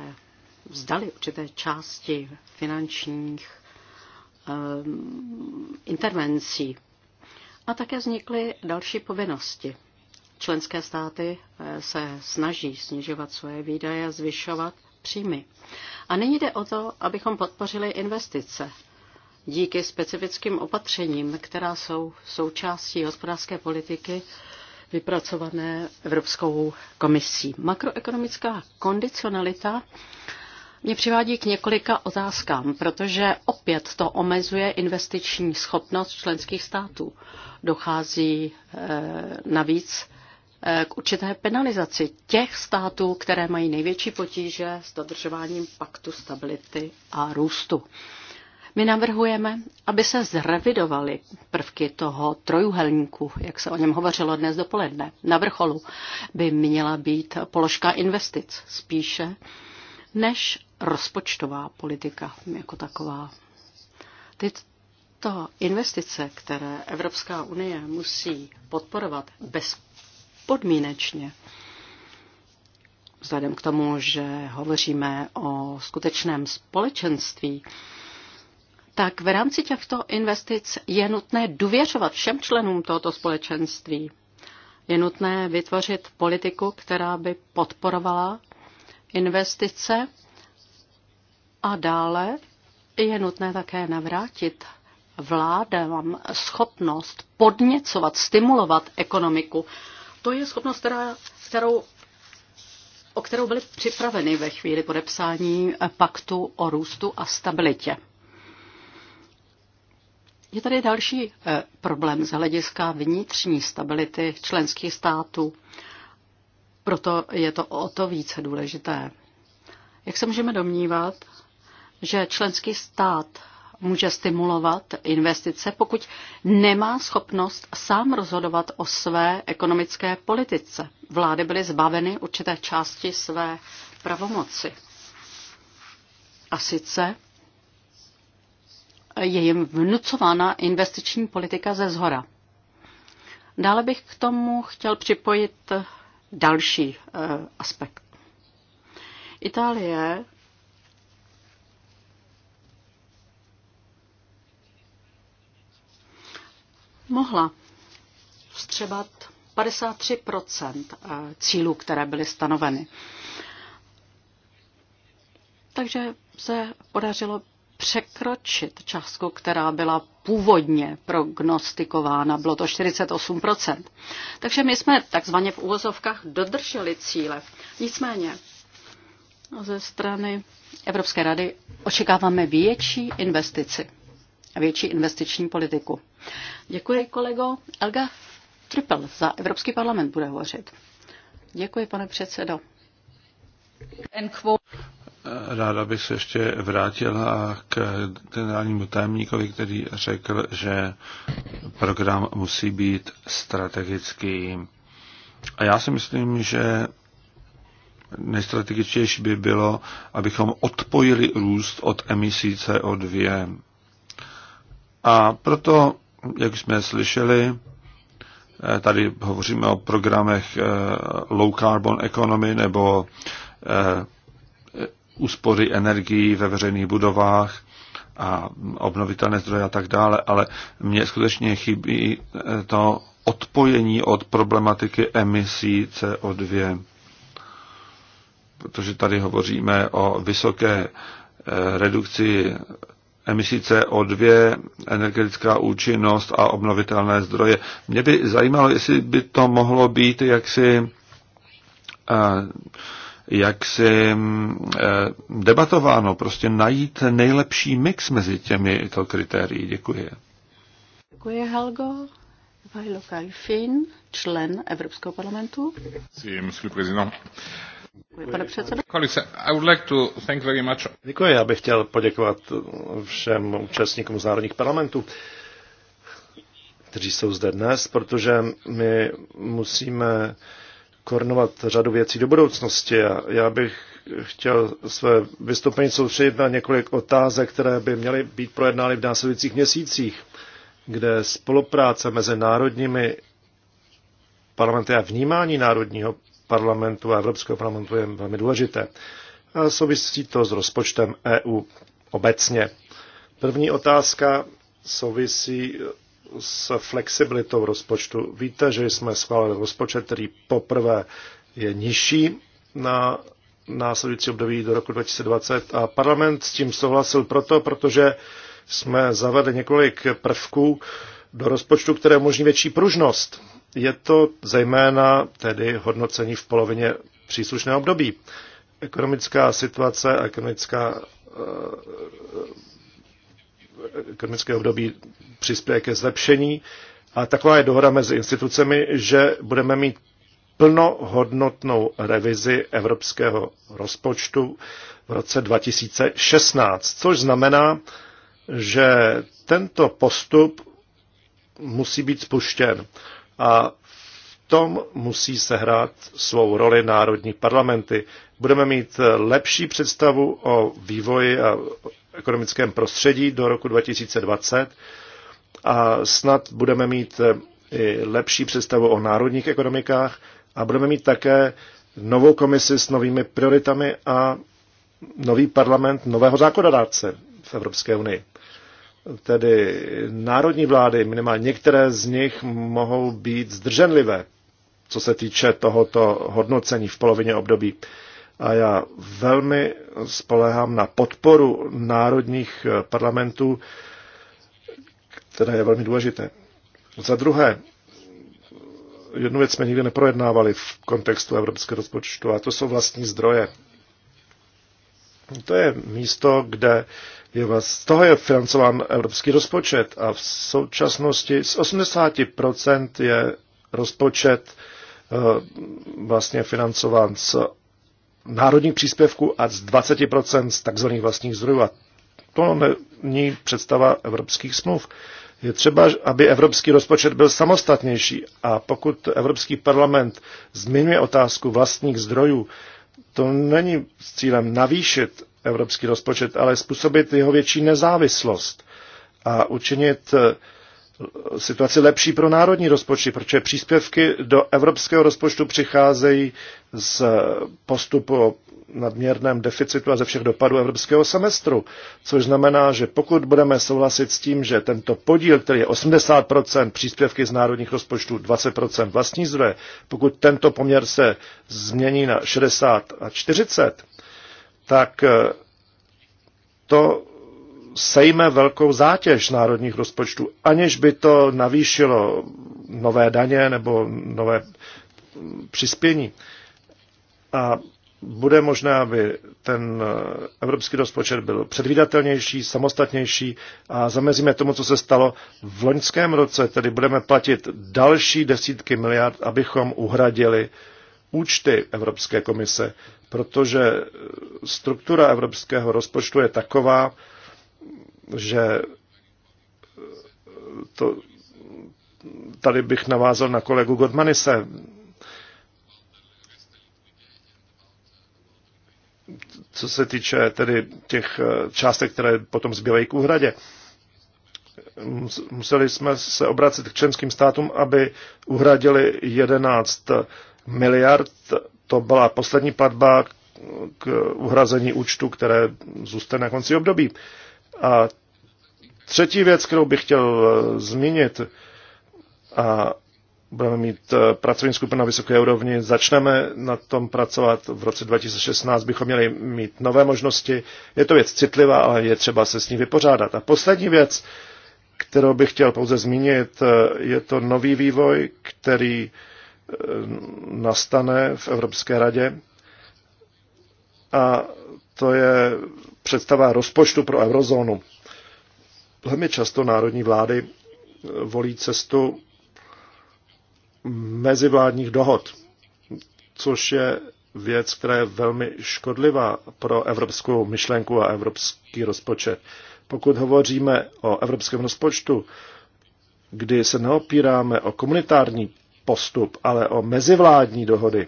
vzdali určité části finančních um, intervencí. A také vznikly další povinnosti. Členské státy eh, se snaží snižovat svoje výdaje a zvyšovat příjmy. A nyní jde o to, abychom podpořili investice díky specifickým opatřením, která jsou součástí hospodářské politiky vypracované Evropskou komisí. Makroekonomická kondicionalita mě přivádí k několika otázkám, protože opět to omezuje investiční schopnost členských států. Dochází e, navíc e, k určité penalizaci těch států, které mají největší potíže s dodržováním paktu stability a růstu. My navrhujeme, aby se zrevidovaly prvky toho trojuhelníku, jak se o něm hovořilo dnes dopoledne. Na vrcholu by měla být položka investic spíše než rozpočtová politika jako taková. Tyto investice, které Evropská unie musí podporovat bezpodmínečně, vzhledem k tomu, že hovoříme o skutečném společenství, tak v rámci těchto investic je nutné důvěřovat všem členům tohoto společenství. Je nutné vytvořit politiku, která by podporovala investice a dále je nutné také navrátit vládám schopnost podněcovat, stimulovat ekonomiku. To je schopnost, která, kterou, o kterou byly připraveny ve chvíli podepsání paktu o růstu a stabilitě. Je tady další eh, problém z hlediska vnitřní stability členských států. Proto je to o to více důležité. Jak se můžeme domnívat, že členský stát může stimulovat investice, pokud nemá schopnost sám rozhodovat o své ekonomické politice. Vlády byly zbaveny určité části své pravomoci. A sice je jim vnucována investiční politika ze zhora. Dále bych k tomu chtěl připojit další eh, aspekt. Itálie mohla vstřebat 53 eh, cílů, které byly stanoveny. Takže se podařilo překročit částku, která byla původně prognostikována, bylo to 48%. Takže my jsme takzvaně v úvozovkách dodrželi cíle. Nicméně ze strany Evropské rady očekáváme větší investici a větší investiční politiku. Děkuji, kolego. Elga Trippel za Evropský parlament bude hovořit. Děkuji, pane předsedo. Ráda bych se ještě vrátila k generálnímu tajemníkovi, který řekl, že program musí být strategický. A já si myslím, že nejstrategičtější by bylo, abychom odpojili růst od emisí CO2. A proto, jak jsme slyšeli, eh, tady hovoříme o programech eh, Low Carbon Economy nebo eh, úspory energií ve veřejných budovách a obnovitelné zdroje a tak dále, ale mně skutečně chybí eh, to odpojení od problematiky emisí CO2, protože tady hovoříme o vysoké eh, redukci emisí CO2, energetická účinnost a obnovitelné zdroje. Mě by zajímalo, jestli by to mohlo být jaksi eh, jak si mm, eh, debatováno, prostě najít nejlepší mix mezi těmi to kritérii. Děkuji. Děkuji, Helgo. Vajlo Kajfin, člen Evropského parlamentu. Děkuji, pane Děkuji, já bych chtěl poděkovat všem účastníkům z národních parlamentů, kteří jsou zde dnes, protože my musíme koordinovat řadu věcí do budoucnosti. A já bych chtěl své vystoupení soustředit na několik otázek, které by měly být projednány v následujících měsících, kde spolupráce mezi národními parlamenty a vnímání národního parlamentu a Evropského parlamentu je velmi důležité. A souvisí to s rozpočtem EU obecně. První otázka souvisí s flexibilitou rozpočtu. Víte, že jsme schválili rozpočet, který poprvé je nižší na následující období do roku 2020 a parlament s tím souhlasil proto, protože jsme zavedli několik prvků do rozpočtu, které možní větší pružnost. Je to zejména tedy hodnocení v polovině příslušného období. Ekonomická situace a ekonomická eh, ekonomické období přispěje ke zlepšení. A taková je dohoda mezi institucemi, že budeme mít plnohodnotnou revizi evropského rozpočtu v roce 2016, což znamená, že tento postup musí být spuštěn a v tom musí sehrát svou roli národní parlamenty. Budeme mít lepší představu o vývoji a ekonomickém prostředí do roku 2020 a snad budeme mít eh, i lepší představu o národních ekonomikách a budeme mít také novou komisi s novými prioritami a nový parlament nového zákonodárce v Evropské unii. Tedy národní vlády, minimálně některé z nich mohou být zdrženlivé, co se týče tohoto hodnocení v polovině období a já velmi spolehám na podporu národních eh, parlamentů, které je velmi důležité. Za druhé, jednu věc jsme nikdy neprojednávali v kontextu evropského rozpočtu a to jsou vlastní zdroje. To je místo, kde je vás, z toho je financován evropský rozpočet a v současnosti z 80% je rozpočet eh, vlastně financován z národních příspěvků a z 20% z tzv. vlastních zdrojů. A to není představa evropských smluv. Je třeba, aby evropský rozpočet byl samostatnější a pokud Evropský parlament zmiňuje otázku vlastních zdrojů, to není s cílem navýšit evropský rozpočet, ale způsobit jeho větší nezávislost a učinit situaci lepší pro národní rozpočty, protože příspěvky do evropského rozpočtu přicházejí z postupu o nadměrném deficitu a ze všech dopadů evropského semestru, což znamená, že pokud budeme souhlasit s tím, že tento podíl, který je 80% příspěvky z národních rozpočtů, 20% vlastní zdroje, pokud tento poměr se změní na 60 a 40, tak to sejme velkou zátěž národních rozpočtů, aniž by to navýšilo nové daně nebo nové přispění. A bude možné, aby ten evropský rozpočet byl předvídatelnější, samostatnější a zamezíme tomu, co se stalo v loňském roce, tedy budeme platit další desítky miliard, abychom uhradili účty Evropské komise, protože struktura evropského rozpočtu je taková, že to, tady bych navázal na kolegu Godmanise. Co se týče tedy těch částek, které potom zbývají k úhradě, museli jsme se obracet k členským státům, aby uhradili 11 miliard. To byla poslední platba k uhrazení účtu, které zůstane na konci období. A třetí věc, kterou bych chtěl eh, zmínit, a budeme mít eh, pracovní skupinu na vysoké úrovni, začneme na tom pracovat v roce 2016, bychom měli mít nové možnosti. Je to věc citlivá, ale je třeba se s ní vypořádat. A poslední věc, kterou bych chtěl pouze zmínit, eh, je to nový vývoj, který nastane v Evropské radě. A to je představa rozpočtu pro eurozónu. Velmi často národní vlády eh, volí cestu mezivládních dohod, což je věc, která je velmi škodlivá pro evropskou myšlenku a evropský rozpočet. Pokud hovoříme o evropském rozpočtu, kdy se neopíráme o komunitární postup, ale o mezivládní dohody,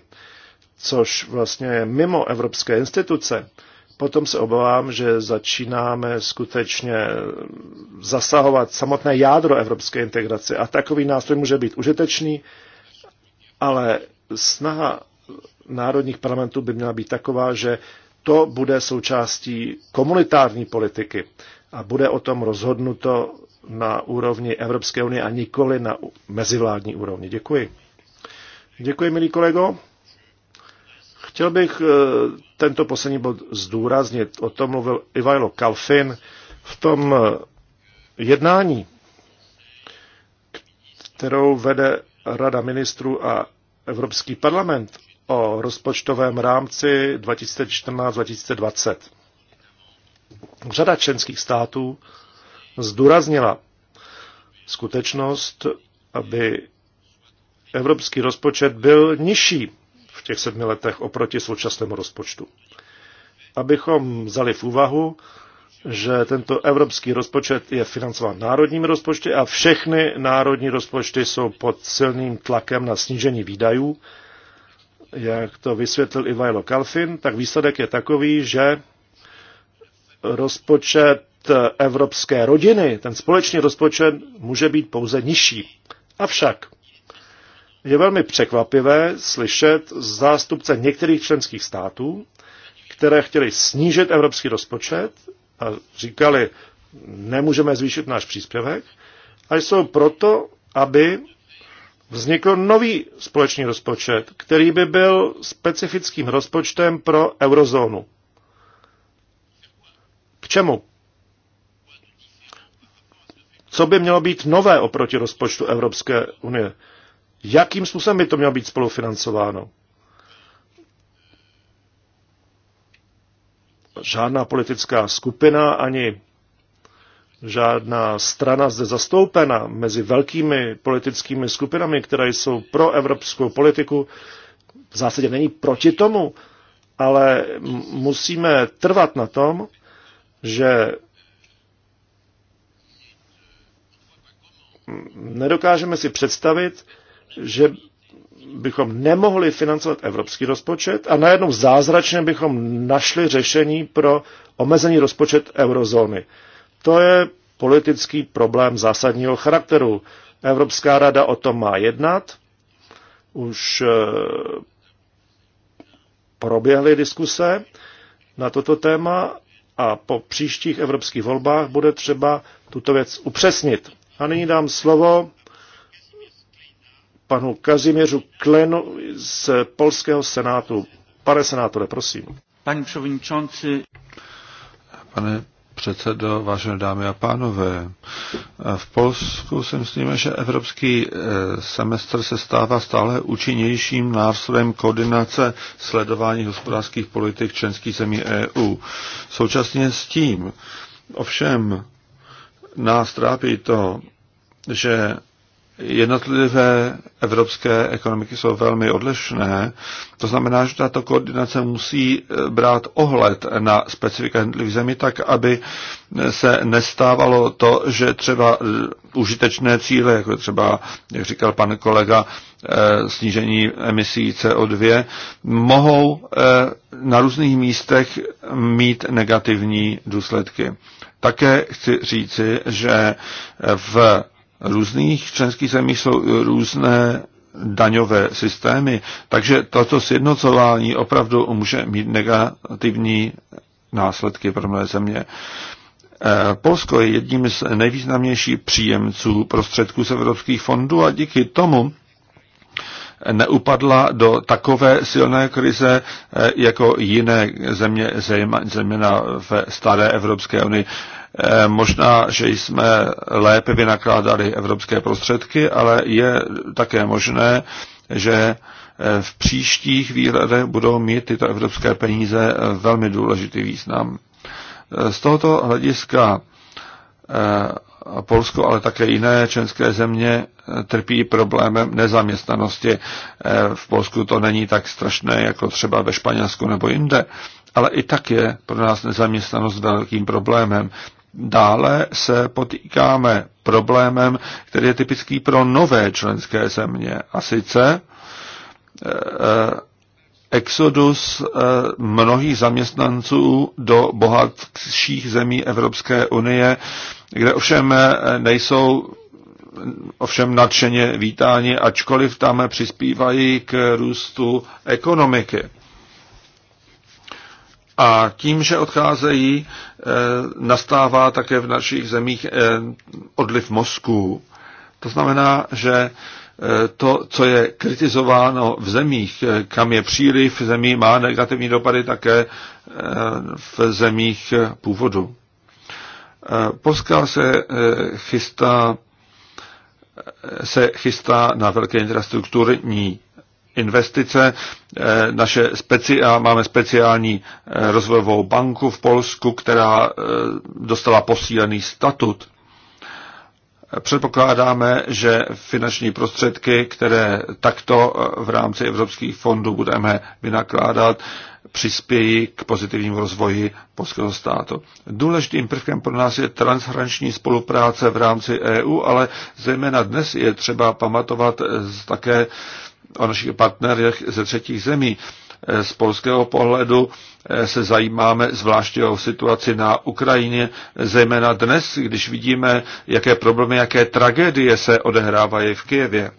což vlastně je mimo evropské instituce, potom se obávám, že začínáme skutečně zasahovat samotné jádro evropské integrace a takový nástroj může být užitečný, ale snaha národních parlamentů by měla být taková, že to bude součástí komunitární politiky a bude o tom rozhodnuto na úrovni Evropské unie a nikoli na mezivládní úrovni. Děkuji. Děkuji, milí kolego. Chtěl bych eh, tento poslední bod zdůraznit. O tom mluvil Ivajlo Kalfin v tom eh, jednání, kterou vede Rada ministrů a Evropský parlament o rozpočtovém rámci 2014-2020. Řada členských států zdůraznila skutečnost, aby evropský rozpočet byl nižší těch sedmi letech oproti současnému rozpočtu. Abychom vzali v úvahu, že tento evropský rozpočet je financován národními rozpočty a všechny národní rozpočty jsou pod silným tlakem na snížení výdajů. Jak to vysvětlil Ivajlo Kalfin, tak výsledek je takový, že rozpočet evropské rodiny, ten společný rozpočet může být pouze nižší. Avšak je velmi překvapivé slyšet zástupce některých členských států, které chtěli snížit evropský rozpočet a říkali, nemůžeme zvýšit náš příspěvek, a jsou proto, aby vznikl nový společný rozpočet, který by byl specifickým rozpočtem pro eurozónu. K čemu? Co by mělo být nové oproti rozpočtu Evropské unie? jakým způsobem by to mělo být spolufinancováno. Žádná politická skupina ani žádná strana zde zastoupena mezi velkými politickými skupinami, které jsou pro evropskou politiku, v zásadě není proti tomu, ale musíme trvat na tom, že nedokážeme si představit, že bychom nemohli financovat evropský rozpočet a najednou zázračně bychom našli řešení pro omezení rozpočet eurozóny. To je politický problém zásadního charakteru. Evropská rada o tom má jednat. Už eh, proběhly diskuse na toto téma a po příštích evropských volbách bude třeba tuto věc upřesnit. A nyní dám slovo panu Kazimieru Klenu z polského senátu. Pane senátore, prosím. Pani předsedající. Pane předsedo, vážené dámy a pánové, v Polsku si myslíme, že evropský eh, semestr se stává stále účinnějším nástrojem koordinace sledování hospodářských politik členských zemí EU. Současně s tím, ovšem, nás trápí to, že jednotlivé evropské ekonomiky jsou velmi odlišné. To znamená, že tato koordinace musí eh, brát ohled na specifika jednotlivých zemí, tak aby eh, se nestávalo to, že třeba eh, užitečné cíle, jako třeba, jak říkal pan kolega, snížení emisí CO2, mohou na různých místech mít negativní důsledky. Také chci říci, že v různých členských zemí jsou různé daňové systémy, takže toto sjednocování opravdu může mít negativní následky pro mnohé země. E, Polsko je jedním z nejvýznamnějších příjemců prostředků z evropských fondů a díky tomu neupadla do takové silné krize eh, jako jiné země, zejména ve staré Evropské unii. Eh, možná, že jsme lépe vynakládali evropské prostředky, ale je také možné, že eh, v příštích výhledech budou mít tyto evropské peníze velmi důležitý význam. Z tohoto hlediska a Polsko, ale také jiné členské země eh, trpí problémem nezaměstnanosti. Eh, v Polsku to není tak strašné jako třeba ve Španělsku nebo jinde, ale i tak je pro nás nezaměstnanost velkým problémem. Dále se potýkáme problémem, který je typický pro nové členské země, a sice eh, exodus eh, mnohých zaměstnanců do bohatších zemí Evropské unie, kde ovšem eh, nejsou ovšem nadšeně vítáni, ačkoliv tam přispívají k růstu ekonomiky. A tím, že odcházejí, eh, nastává také v našich zemích odliv mozků. To znamená, že to, co je kritizováno v zemích, kam je příliv zemí, má negativní dopady také eh, v zemích původu. Eh, Polska se eh, chystá, se chystá na velké infrastrukturní investice. Naše speciál, máme speciální rozvojovou banku v Polsku, která dostala posílený statut Předpokládáme, že finanční prostředky, které takto v rámci evropských fondů budeme vynakládat, přispějí k pozitivnímu rozvoji polského státu. Důležitým prvkem pro nás je transhraniční spolupráce v rámci EU, ale zejména dnes je třeba pamatovat také o našich partnerech ze třetích zemí. Eh, z polského pohledu eh, se zajímáme zvláště o situaci na Ukrajině, zejména dnes, když vidíme, jaké problémy, jaké tragédie se odehrávají v Kijevě.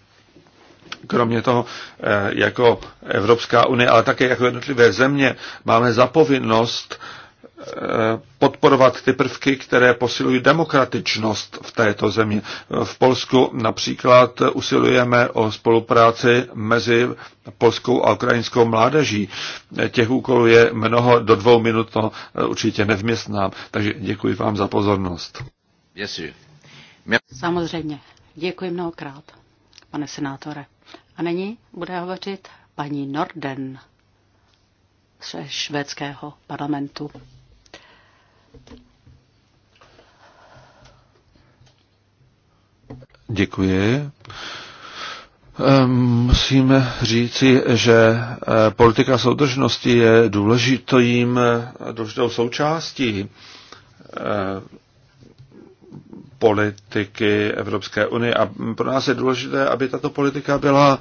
Kromě toho, eh, jako Evropská unie, ale také jako jednotlivé země, máme zapovinnost Eh, podporovat ty prvky, které posilují demokratičnost v této zemi. V Polsku například usilujeme o spolupráci mezi polskou a ukrajinskou mládeží. Těch úkolů je mnoho, do dvou minut to eh, určitě nevměstnám. Takže děkuji vám za pozornost. Samozřejmě. Děkuji mnohokrát, pane senátore. A nyní bude hovořit paní Norden ze švédského parlamentu. Děkuji. Ehm, musíme říci, že eh, politika soudržnosti je důležitým, eh, důležitou součástí eh, politiky Evropské unie. A pro nás je důležité, aby tato politika byla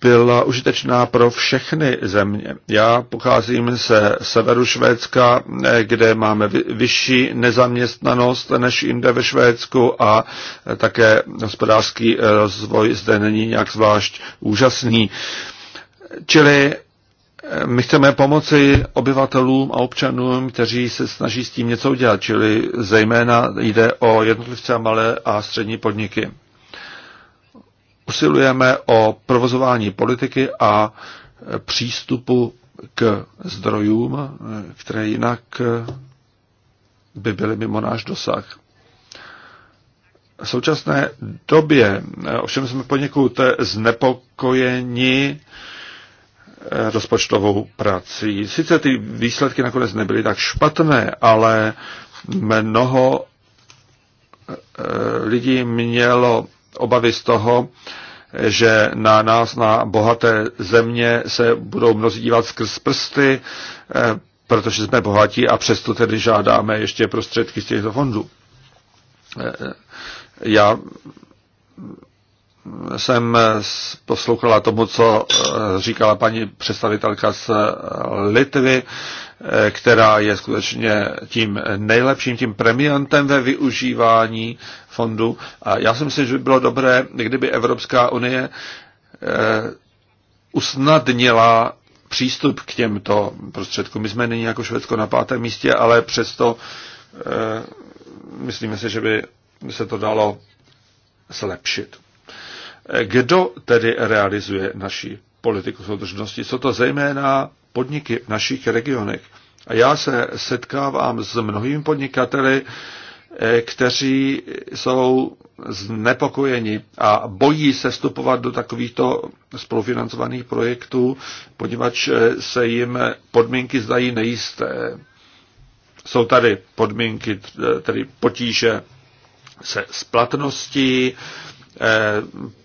byla užitečná pro všechny země. Já pocházím ze severu Švédska, kde máme vyšší nezaměstnanost než jinde ve Švédsku a také hospodářský rozvoj zde není nějak zvlášť úžasný. Čili eh, my chceme pomoci obyvatelům a občanům, kteří se snaží s tím něco udělat, čili zejména jde o jednotlivce a malé a střední podniky usilujeme o provozování politiky a přístupu k zdrojům, které jinak by byly mimo náš dosah. V současné době ovšem jsme poněkud znepokojeni rozpočtovou prací. Sice ty výsledky nakonec nebyly tak špatné, ale mnoho lidí mělo obavy z toho, že na nás, na bohaté země, se budou mnozí dívat skrz prsty, eh, protože jsme bohatí a přesto tedy žádáme ještě prostředky z těchto fondů. Eh, eh, já jsem eh, poslouchala tomu, co eh, říkala paní představitelka z eh, Litvy, která je skutečně tím nejlepším, tím premiantem ve využívání fondu. A já si myslím, že by bylo dobré, kdyby Evropská unie usnadnila přístup k těmto prostředkům. My jsme nyní jako Švédsko na pátém místě, ale přesto myslíme si, že by se to dalo zlepšit. Kdo tedy realizuje naši politiku soudržnosti? Jsou to zejména podniky v našich regionech. A já se setkávám s mnohými podnikateli, eh, kteří jsou znepokojeni a bojí se vstupovat do takovýchto spolufinancovaných projektů, poněvadž eh, se jim podmínky zdají nejisté. Jsou tady podmínky, tedy potíže se splatností,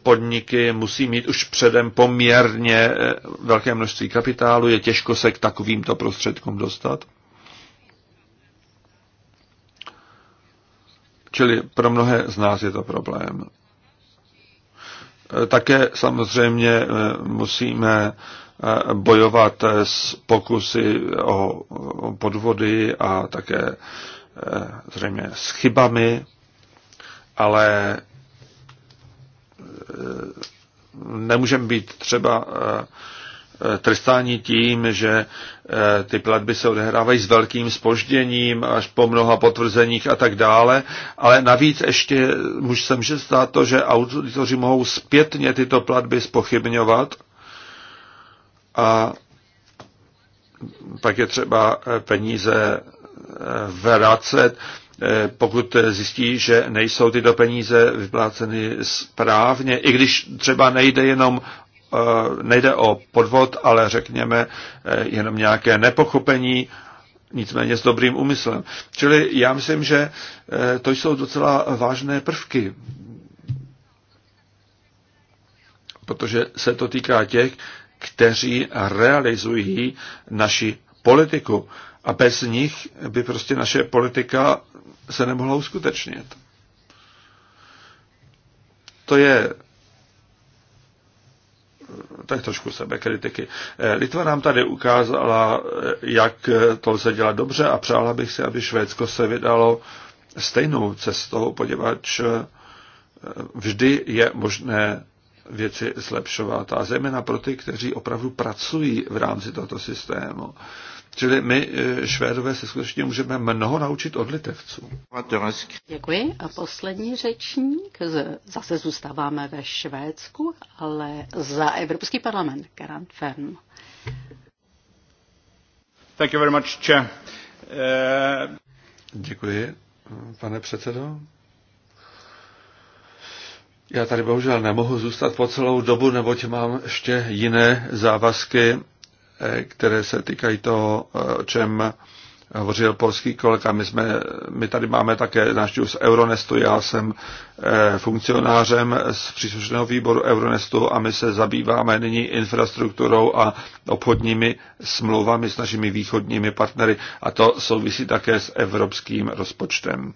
podniky musí mít už předem poměrně eh, velké množství kapitálu, je těžko se k takovýmto prostředkům dostat. Čili pro mnohé z nás je to problém. Eh, také samozřejmě eh, musíme bojovat s pokusy o podvody a také zřejmě s chybami, ale nemůžeme být třeba eh, eh, trestání tím, že eh, ty platby se odehrávají s velkým spožděním, až po mnoha potvrzeních a tak dále, ale navíc ještě může se může stát to, že auditoři mohou zpětně tyto platby spochybňovat a pak je třeba peníze vracet. Eh, pokud zjistí, že nejsou tyto peníze vypláceny správně, i když třeba nejde jenom eh, nejde o podvod, ale řekněme eh, jenom nějaké nepochopení, nicméně s dobrým úmyslem. Čili já myslím, že to jsou docela vážné prvky, protože se to týká těch, kteří realizují naši politiku. A bez nich by prostě naše politika se nemohla uskutečnit. To je tak trošku sebekritiky. Litva nám tady ukázala, jak to lze dělat dobře a přála bych si, aby Švédsko se vydalo stejnou cestou, poněvadž vždy je možné věci zlepšovat a zejména pro ty, kteří opravdu pracují v rámci tohoto systému. Čili my, eh, Švédové, se skutečně můžeme mnoho naučit od Litevců. Děkuji. A poslední řečník. Zase zůstáváme ve Švédsku, ale za Evropský parlament. Karant Fern. Thank you very much, Uh... Děkuji, pane předsedo. Já tady bohužel nemohu zůstat po celou dobu, neboť mám ještě jiné závazky které se týkají toho, o čem hovořil polský kolega. My, jsme, my tady máme také návštěvu z Euronestu. Já jsem eh, funkcionářem z příslušného výboru Euronestu a my se zabýváme nyní infrastrukturou a obchodními smlouvami s našimi východními partnery a to souvisí také s evropským rozpočtem.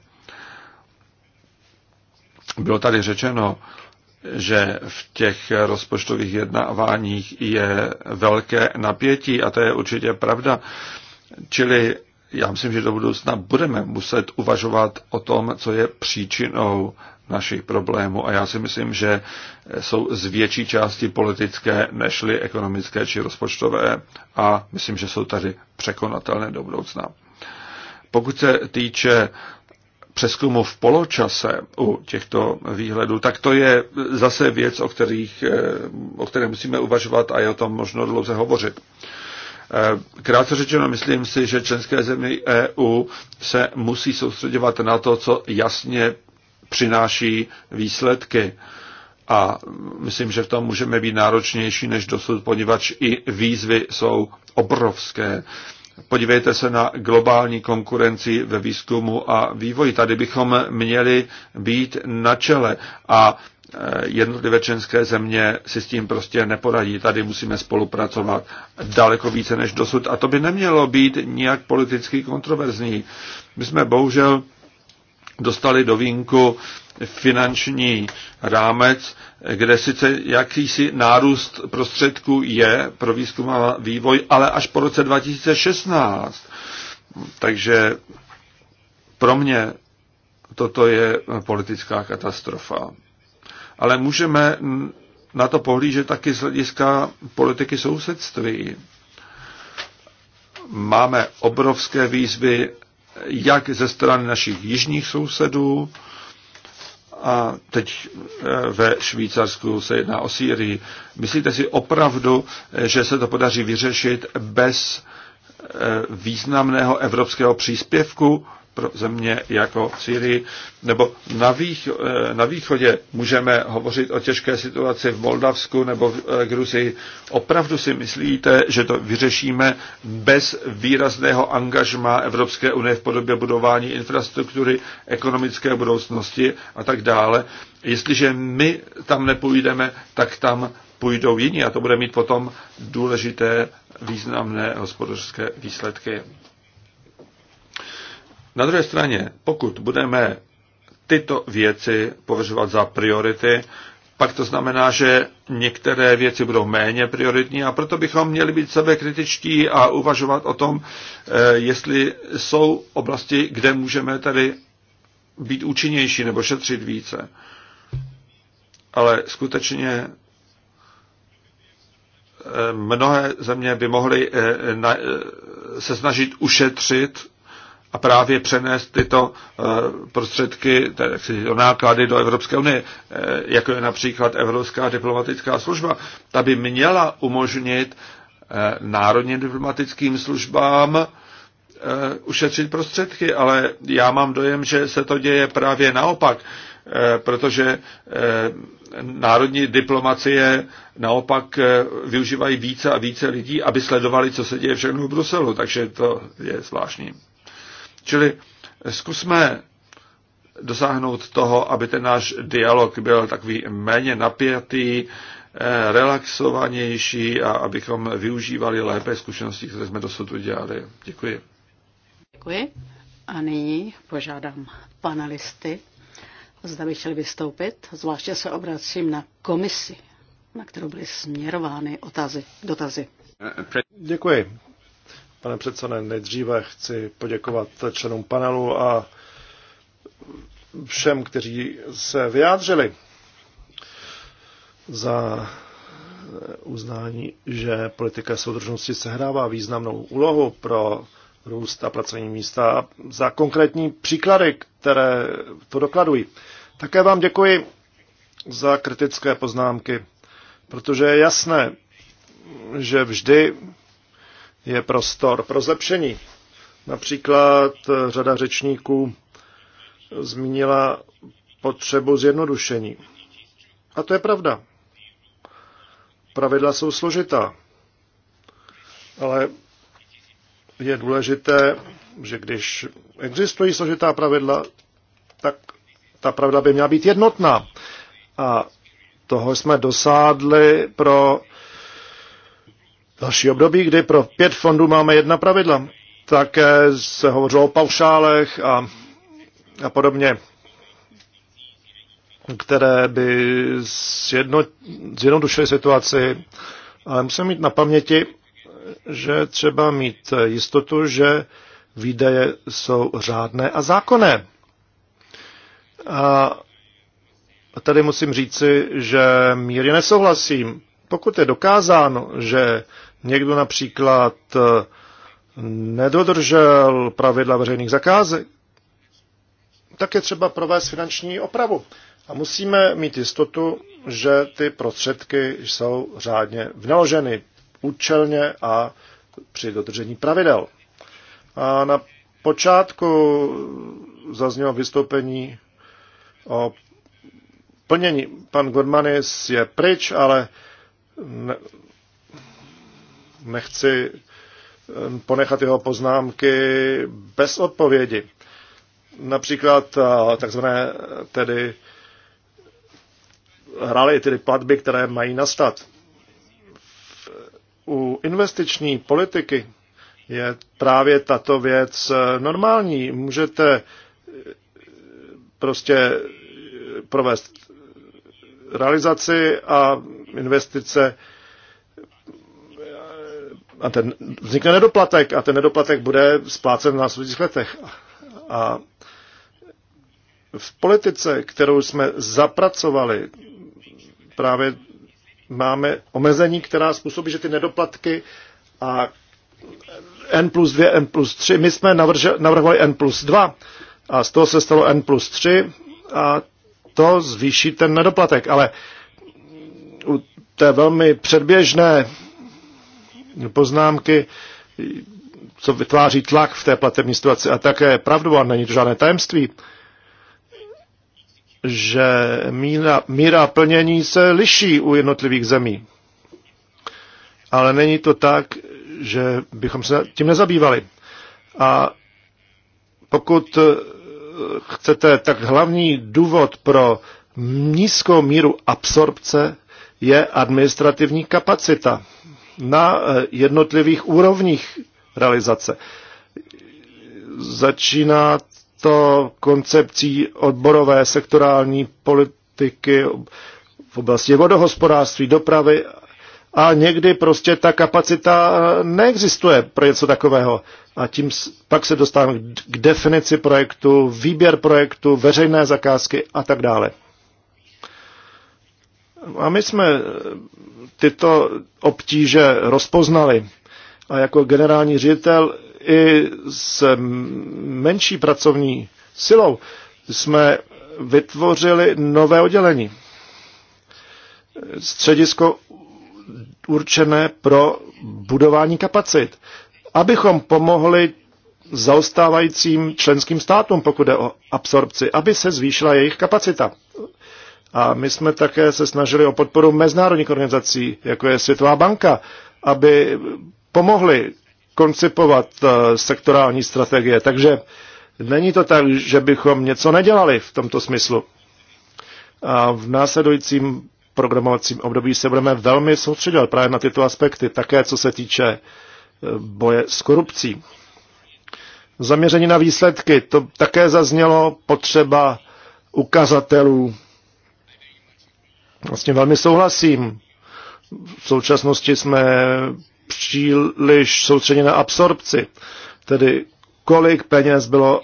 Bylo tady řečeno, že v těch rozpočtových jednáváních je velké napětí a to je určitě pravda. Čili já myslím, že do budoucna budeme muset uvažovat o tom, co je příčinou našich problémů. A já si myslím, že jsou z větší části politické nežli ekonomické či rozpočtové a myslím, že jsou tady překonatelné do budoucna. Pokud se týče přeskumu v poločase u těchto výhledů, tak to je zase věc, o, kterých, eh, o které musíme uvažovat a je o tom možno dlouze hovořit. Eh, krátce řečeno, myslím si, že členské země EU se musí soustředovat na to, co jasně přináší výsledky. A myslím, že v tom můžeme být náročnější než dosud, poněvadž i výzvy jsou obrovské. Podívejte se na globální konkurenci ve výzkumu a vývoji. Tady bychom měli být na čele a e, jednotlivé členské země si s tím prostě neporadí. Tady musíme spolupracovat daleko více než dosud. A to by nemělo být nijak politicky kontroverzní. My jsme bohužel dostali do vínku finanční rámec, kde sice jakýsi nárůst prostředků je pro výzkum a vývoj, ale až po roce 2016. Takže pro mě toto je politická katastrofa. Ale můžeme na to pohlížet taky z hlediska politiky sousedství. Máme obrovské výzvy jak ze strany našich jižních sousedů, a teď eh, ve Švýcarsku se jedná o Sýrii. Myslíte si opravdu, eh, že se to podaří vyřešit bez eh, významného evropského příspěvku? pro země jako Syrii. Nebo na, vých, eh, na východě můžeme hovořit o těžké situaci v Moldavsku nebo v eh, Gruzii. Opravdu si myslíte, že to vyřešíme bez výrazného angažma Evropské unie v podobě budování infrastruktury, ekonomické budoucnosti a tak dále? Jestliže my tam nepůjdeme, tak tam půjdou jiní a to bude mít potom důležité významné hospodářské výsledky. Na druhé straně, pokud budeme tyto věci považovat za priority, pak to znamená, že některé věci budou méně prioritní a proto bychom měli být sebekritičtí a uvažovat o tom, eh, jestli jsou oblasti, kde můžeme tady být účinnější nebo šetřit více. Ale skutečně eh, mnohé země by mohly eh, se snažit ušetřit a právě přenést tyto eh, prostředky, tedy náklady do Evropské unie, eh, jako je například Evropská diplomatická služba, ta by měla umožnit eh, národním diplomatickým službám ušetřit prostředky, ale já mám dojem, že se to děje právě naopak, protože národní diplomacie naopak využívají více a více lidí, aby sledovali, co se děje všechno v Bruselu, takže to je zvláštní. Čili zkusme dosáhnout toho, aby ten náš dialog byl takový méně napjatý, eh, relaxovanější a abychom využívali lépe zkušenosti, které jsme dosud udělali. Děkuji. Děkuji. A nyní požádám panelisty, zda by chtěli vystoupit. Zvláště se obracím na komisi, na kterou byly směrovány otázy, dotazy. Děkuji. Pane předsedo, nejdříve chci poděkovat členům panelu a všem, kteří se vyjádřili za uznání, že politika soudržnosti sehrává významnou úlohu pro růst a pracovní místa za konkrétní příklady, které to dokladují. Také vám děkuji za kritické poznámky, protože je jasné, že vždy je prostor pro zlepšení. Například eh, řada řečníků zmínila potřebu zjednodušení. A to je pravda. Pravidla jsou složitá. Ale je důležité, že když existují složitá pravidla, tak ta pravidla by měla být jednotná. A toho jsme dosádli pro další období, kdy pro pět fondů máme jedna pravidla. Také se hovořilo o paušálech a, a podobně, které by zjedno, zjednodušily situaci. Ale musím mít na paměti, že třeba mít jistotu, že výdaje jsou řádné a zákonné. A tady musím říci, že mírně nesouhlasím. Pokud je dokázáno, že Někdo například eh, nedodržel pravidla veřejných zakázek, tak je třeba provést finanční opravu. A musíme mít jistotu, že ty prostředky jsou řádně vnaloženy účelně a při dodržení pravidel. A na počátku zaznělo vystoupení o plnění. Pan Gormanis je pryč, ale nechci eh, ponechat jeho poznámky bez odpovědi. Například eh, takzvané eh, tedy hrály tedy platby, které mají nastat. U investiční politiky je právě tato věc normální. Můžete prostě provést realizaci a investice a ten vznikne nedoplatek a ten nedoplatek bude splácen v následujících letech. A v politice, kterou jsme zapracovali, právě máme omezení, která způsobí, že ty nedoplatky a N plus 2, N plus 3, my jsme navrhovali N plus 2 a z toho se stalo N plus 3 a to zvýší ten nedoplatek, ale u té velmi předběžné poznámky, co vytváří tlak v té platební situaci. A také pravdu, a není to žádné tajemství, že míra, míra plnění se liší u jednotlivých zemí. Ale není to tak, že bychom se tím nezabývali. A pokud eh, chcete, tak hlavní důvod pro nízkou míru absorpce je administrativní kapacita na eh, jednotlivých úrovních realizace. Začíná to koncepcí odborové sektorální politiky v oblasti vodohospodářství, dopravy a někdy prostě ta kapacita neexistuje pro něco takového. A tím pak se dostávám k definici projektu, výběr projektu, veřejné zakázky a tak dále. A my jsme tyto obtíže rozpoznali. A jako generální ředitel i s menší pracovní silou jsme vytvořili nové oddělení. Středisko určené pro budování kapacit, abychom pomohli zaostávajícím členským státům, pokud jde o absorpci, aby se zvýšila jejich kapacita. A my jsme také se snažili o podporu mezinárodních organizací, jako je Světová banka, aby pomohli koncipovat eh, sektorální strategie. Takže není to tak, že bychom něco nedělali v tomto smyslu. A v následujícím programovacím období se budeme velmi soustředovat právě na tyto aspekty, také co se týče eh, boje s korupcí. Zaměření na výsledky, to také zaznělo potřeba ukazatelů vlastně velmi souhlasím. V současnosti jsme příliš soustředěni na absorpci, tedy kolik peněz bylo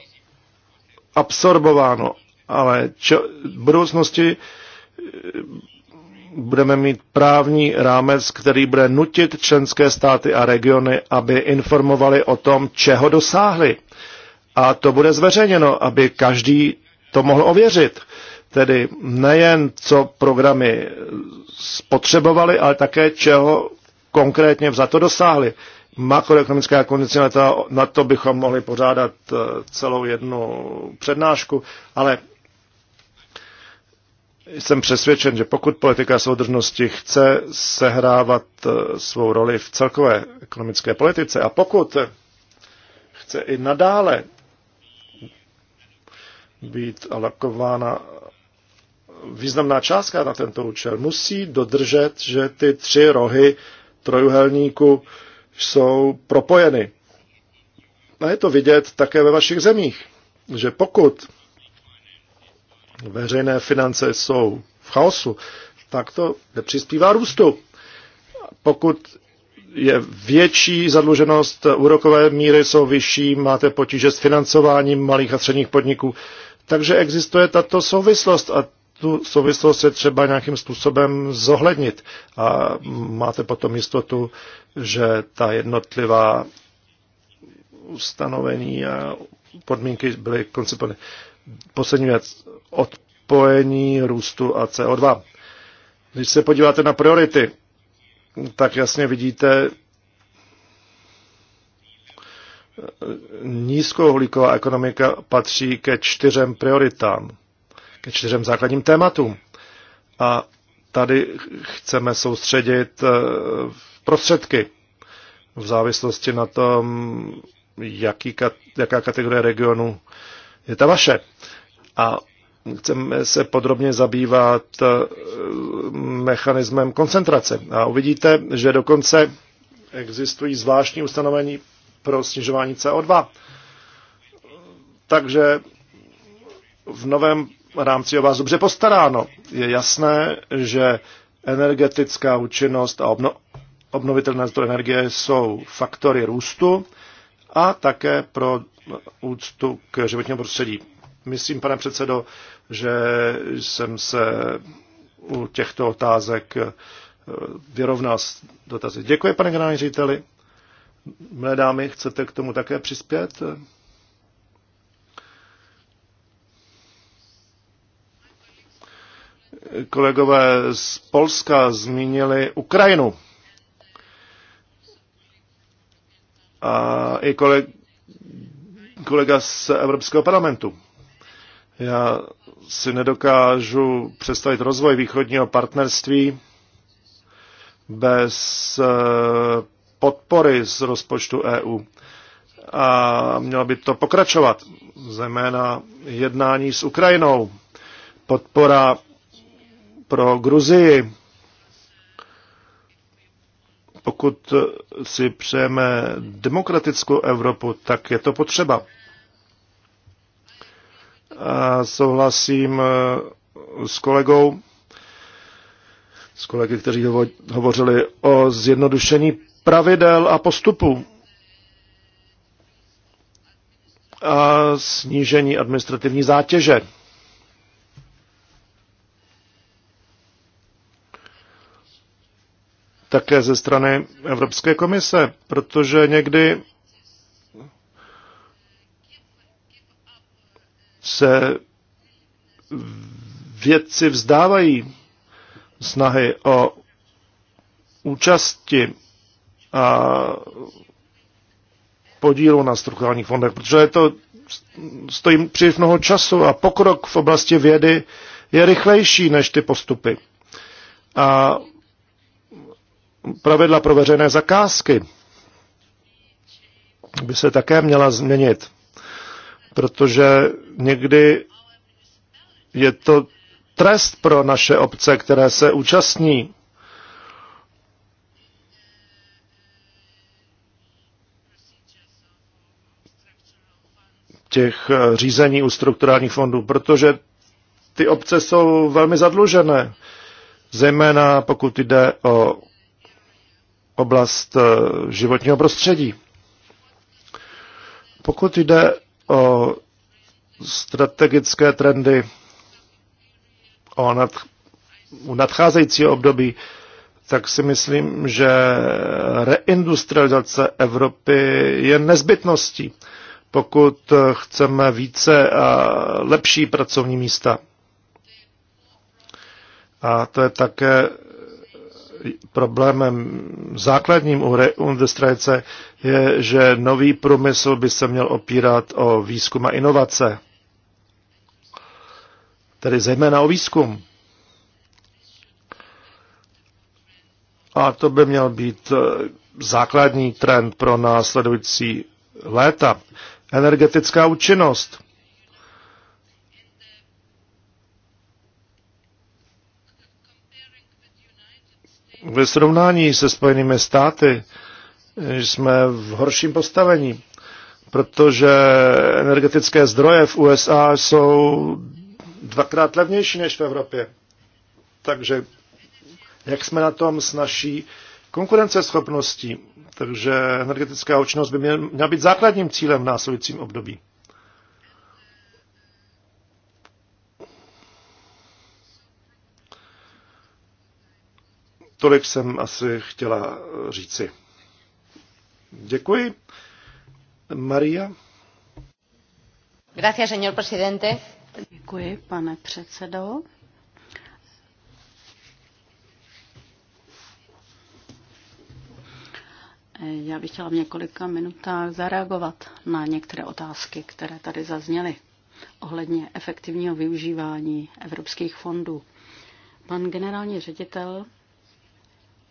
absorbováno, ale čo, v budoucnosti eh, budeme mít právní rámec, který bude nutit členské státy a regiony, aby informovali o tom, čeho dosáhli. A to bude zveřejněno, aby každý to mohl ověřit. Tedy nejen co programy spotřebovaly, ale také čeho konkrétně za to dosáhly. Makroekonomická kondicionalita, na to bychom mohli pořádat eh, celou jednu přednášku, ale jsem přesvědčen, že pokud politika soudržnosti chce sehrávat eh, svou roli v celkové ekonomické politice a pokud chce i nadále být alokována významná částka na tento účel, musí dodržet, že ty tři rohy trojuhelníku jsou propojeny. A je to vidět také ve vašich zemích, že pokud veřejné finance jsou v chaosu, tak to nepřispívá růstu. Pokud je větší zadluženost, úrokové míry jsou vyšší, máte potíže s financováním malých a středních podniků. Takže existuje tato souvislost a tu souvislost je třeba nějakým způsobem zohlednit a máte potom jistotu, že ta jednotlivá ustanovení a podmínky byly koncipovány. Poslední věc, odpojení růstu a CO2. Když se podíváte na priority, tak jasně vidíte eh, nízkouhlíková ekonomika patří ke čtyřem prioritám ke čtyřem základním tématům. A tady chceme soustředit eh, prostředky v závislosti na tom, jaký, jaká kategorie regionu je ta vaše. A chceme se podrobně zabývat eh, mechanismem koncentrace. A uvidíte, že dokonce existují zvláštní ustanovení pro snižování CO2. Takže v novém rámci o vás dobře postaráno. Je jasné, že energetická účinnost a obno, obnovitelné zdroje energie jsou faktory růstu a také pro úctu k životnímu prostředí. Myslím, pane předsedo, že jsem se u těchto otázek eh, vyrovnal s dotazy. Děkuji, pane generální řediteli. Mlé dámy, chcete k tomu také přispět? kolegové z Polska zmínili Ukrajinu. A i koleg, kolega z Evropského parlamentu. Já si nedokážu představit rozvoj východního partnerství bez eh, podpory z rozpočtu EU. A mělo by to pokračovat, zejména jednání s Ukrajinou, podpora pro Gruzii. Pokud si přejeme demokratickou Evropu, tak je to potřeba. A souhlasím eh, s kolegou, s kolegy, kteří hovořili o zjednodušení pravidel a postupů a snížení administrativní zátěže. také ze strany Evropské komise, protože někdy se vědci vzdávají snahy o účasti a podílu na strukturálních fondech, protože je to stojí příliš mnoho času a pokrok v oblasti vědy je rychlejší než ty postupy. A pravidla pro veřejné zakázky by se také měla změnit, protože někdy je to trest pro naše obce, které se účastní těch eh, řízení u strukturálních fondů, protože ty obce jsou velmi zadlužené, zejména pokud jde o oblast eh, životního prostředí. Pokud jde o strategické trendy o nad, u nadcházejícího období, tak si myslím, že reindustrializace Evropy je nezbytností, pokud chceme více a lepší pracovní místa. A to je také problémem základním u industrializace je, že nový průmysl by se měl opírat o výzkum a inovace. Tedy zejména o výzkum. A to by měl být eh, základní trend pro následující léta. Energetická účinnost. ve srovnání se Spojenými státy jsme v horším postavení, protože energetické zdroje v USA jsou dvakrát levnější než v Evropě. Takže jak jsme na tom s naší konkurenceschopností? Takže energetická účinnost by měla být základním cílem v následujícím období. Tolik jsem asi chtěla eh, říci. Děkuji. Maria. Gracias, señor presidente. Děkuji, pane předsedo. Eh, já bych chtěla v několika minutách zareagovat na některé otázky, které tady zazněly ohledně efektivního využívání evropských fondů. Pan generální ředitel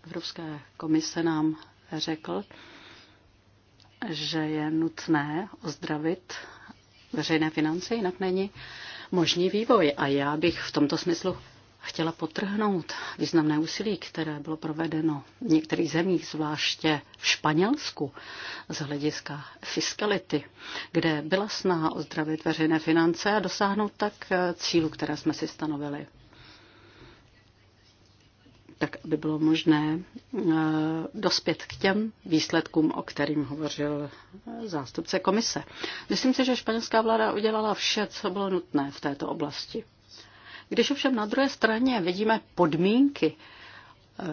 Evropské komise nám řekl, že je nutné ozdravit veřejné finance, jinak není možný vývoj. A já bych v tomto smyslu chtěla potrhnout významné úsilí, které bylo provedeno v některých zemích, zvláště v Španělsku, z hlediska fiskality, kde byla snaha ozdravit veřejné finance a dosáhnout tak cílu, které jsme si stanovili tak aby bylo možné eh, dospět k těm výsledkům, o kterým hovořil eh, zástupce komise. Myslím si, že španělská vláda udělala vše, co bylo nutné v této oblasti. Když ovšem na druhé straně vidíme podmínky eh,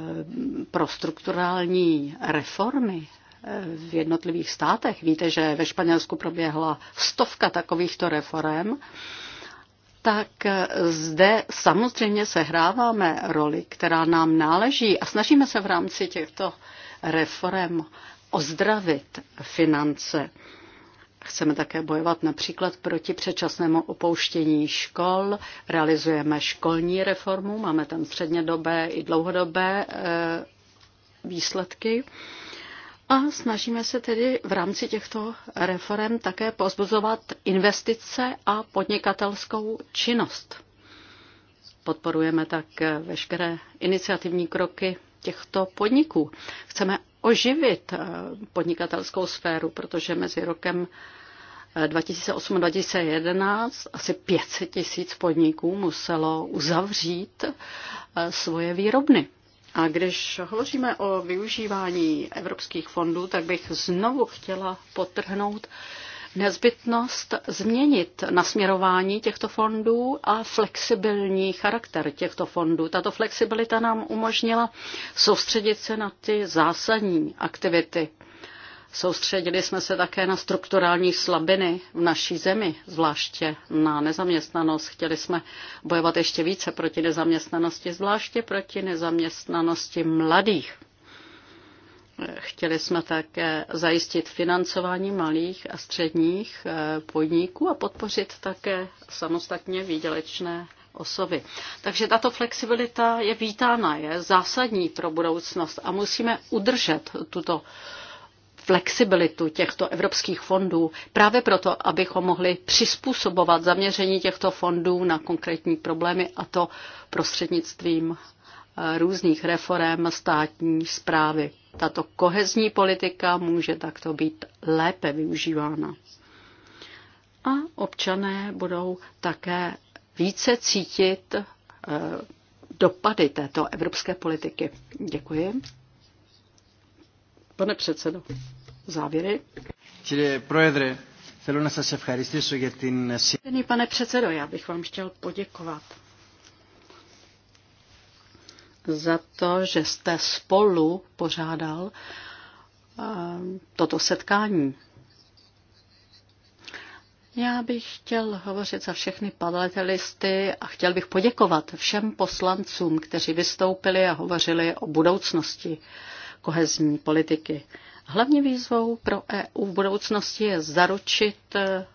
pro strukturální reformy v jednotlivých státech, víte, že ve Španělsku proběhla stovka takovýchto reform, tak zde samozřejmě sehráváme roli, která nám náleží a snažíme se v rámci těchto reform ozdravit finance. Chceme také bojovat například proti předčasnému opouštění škol, realizujeme školní reformu, máme tam střednědobé i dlouhodobé eh, výsledky. A snažíme se tedy v rámci těchto reform také pozbuzovat investice a podnikatelskou činnost. Podporujeme tak veškeré iniciativní kroky těchto podniků. Chceme oživit eh, podnikatelskou sféru, protože mezi rokem 2008 eh, a 2011 asi 500 tisíc podniků muselo uzavřít eh, svoje výrobny. A když hovoříme o využívání evropských fondů, tak bych znovu chtěla potrhnout nezbytnost změnit nasměrování těchto fondů a flexibilní charakter těchto fondů. Tato flexibilita nám umožnila soustředit se na ty zásadní aktivity. Soustředili jsme se také na strukturální slabiny v naší zemi, zvláště na nezaměstnanost. Chtěli jsme bojovat ještě více proti nezaměstnanosti, zvláště proti nezaměstnanosti mladých. Chtěli jsme také zajistit financování malých a středních eh, podniků a podpořit také samostatně výdělečné osoby. Takže tato flexibilita je vítána, je zásadní pro budoucnost a musíme udržet tuto flexibilitu těchto evropských fondů právě proto, abychom mohli přizpůsobovat zaměření těchto fondů na konkrétní problémy a to prostřednictvím eh, různých reform státní zprávy. Tato kohezní politika může takto být lépe využívána. A občané budou také více cítit eh, dopady této evropské politiky. Děkuji. Pane předsedo závěry. Vážený pane předsedo, já bych vám chtěl poděkovat za to, že jste spolu pořádal eh, toto setkání. Já bych chtěl hovořit za všechny padletelisty a chtěl bych poděkovat všem poslancům, kteří vystoupili a hovořili o budoucnosti kohezní politiky. Hlavní výzvou pro EU v budoucnosti je zaručit eh,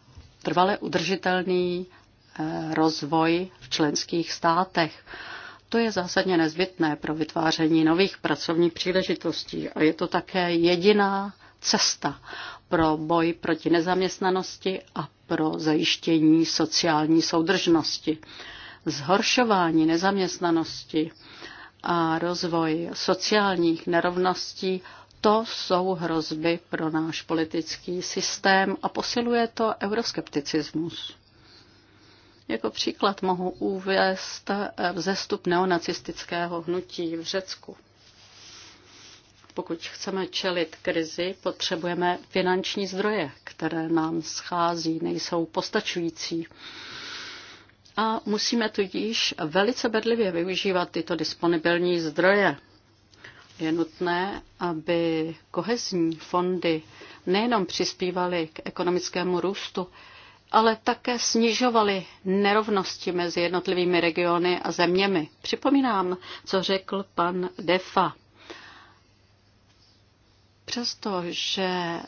trvale udržitelný eh, rozvoj v členských státech. To je zásadně nezbytné pro vytváření nových pracovních příležitostí a je to také jediná cesta pro boj proti nezaměstnanosti a pro zajištění sociální soudržnosti. Zhoršování nezaměstnanosti a rozvoj sociálních nerovností to jsou hrozby pro náš politický systém a posiluje to euroskepticismus. Jako příklad mohu uvést eh, vzestup neonacistického hnutí v Řecku. Pokud chceme čelit krizi, potřebujeme finanční zdroje, které nám schází, nejsou postačující. A musíme tudíž velice bedlivě využívat tyto disponibilní zdroje je nutné, aby kohezní fondy nejenom přispívaly k ekonomickému růstu, ale také snižovaly nerovnosti mezi jednotlivými regiony a zeměmi. Připomínám, co řekl pan Defa. Přestože eh,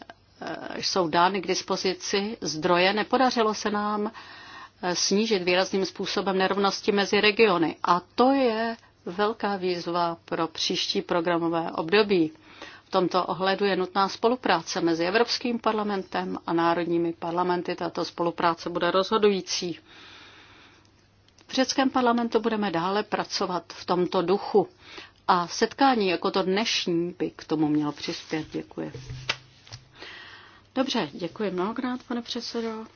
jsou dány k dispozici zdroje, nepodařilo se nám eh, snížit výrazným způsobem nerovnosti mezi regiony. A to je velká výzva pro příští programové období. V tomto ohledu je nutná spolupráce mezi Evropským parlamentem a národními parlamenty. Tato spolupráce bude rozhodující. V řeckém parlamentu budeme dále pracovat v tomto duchu a setkání jako to dnešní by k tomu mělo přispět. Děkuji. Dobře, děkuji mnohokrát, pane předsedo.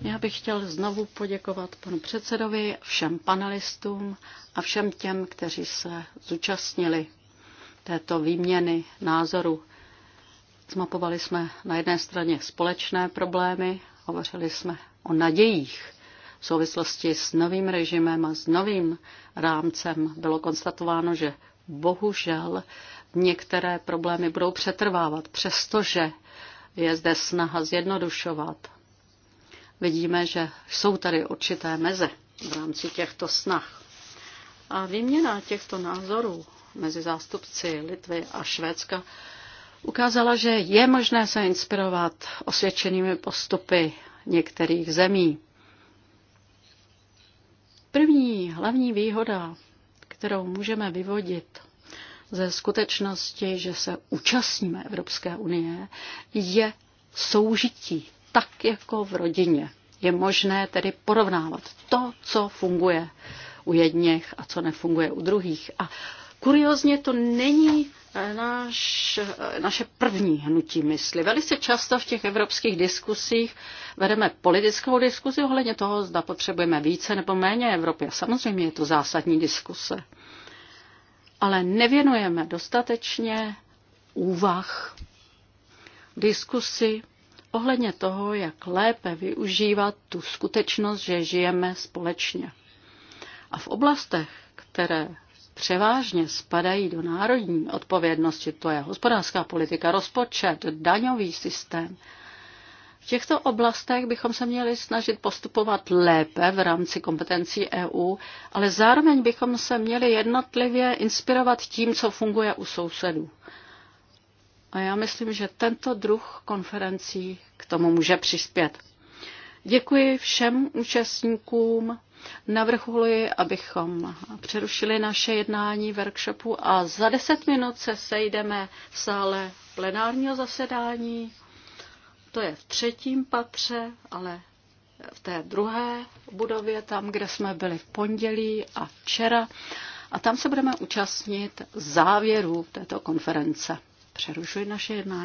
Já bych chtěl znovu poděkovat panu předsedovi, všem panelistům a všem těm, kteří se zúčastnili této výměny názorů. Zmapovali jsme na jedné straně společné problémy, hovořili jsme o nadějích v souvislosti s novým režimem a s novým rámcem. Bylo konstatováno, že bohužel některé problémy budou přetrvávat, přestože je zde snaha zjednodušovat vidíme, že jsou tady určité meze v rámci těchto snah. A výměna těchto názorů mezi zástupci Litvy a Švédska ukázala, že je možné se inspirovat osvědčenými postupy některých zemí. První hlavní výhoda, kterou můžeme vyvodit ze skutečnosti, že se účastníme Evropské unie, je soužití tak jako v rodině. Je možné tedy porovnávat to, co funguje u jedněch a co nefunguje u druhých. A kuriozně to není eh, naš eh, naše první hnutí mysli. Velice často v těch evropských diskusích vedeme politickou diskusi ohledně toho, zda potřebujeme více nebo méně Evropy. A samozřejmě je to zásadní diskuse. Ale nevěnujeme dostatečně úvah, diskusi ohledně toho, jak lépe využívat tu skutečnost, že žijeme společně. A v oblastech, které převážně spadají do národní odpovědnosti, to je hospodářská politika, rozpočet, daňový systém, v těchto oblastech bychom se měli snažit postupovat lépe v rámci kompetencí EU, ale zároveň bychom se měli jednotlivě inspirovat tím, co funguje u sousedů. A já myslím, že tento druh konferencí k tomu může přispět. Děkuji všem účastníkům. Navrhuji, abychom přerušili naše jednání workshopu a za deset minut se sejdeme v sále plenárního zasedání. To je v třetím patře, ale v té druhé budově, tam, kde jsme byli v pondělí a včera. A tam se budeme účastnit závěrů této konference přerušuji naše jednání.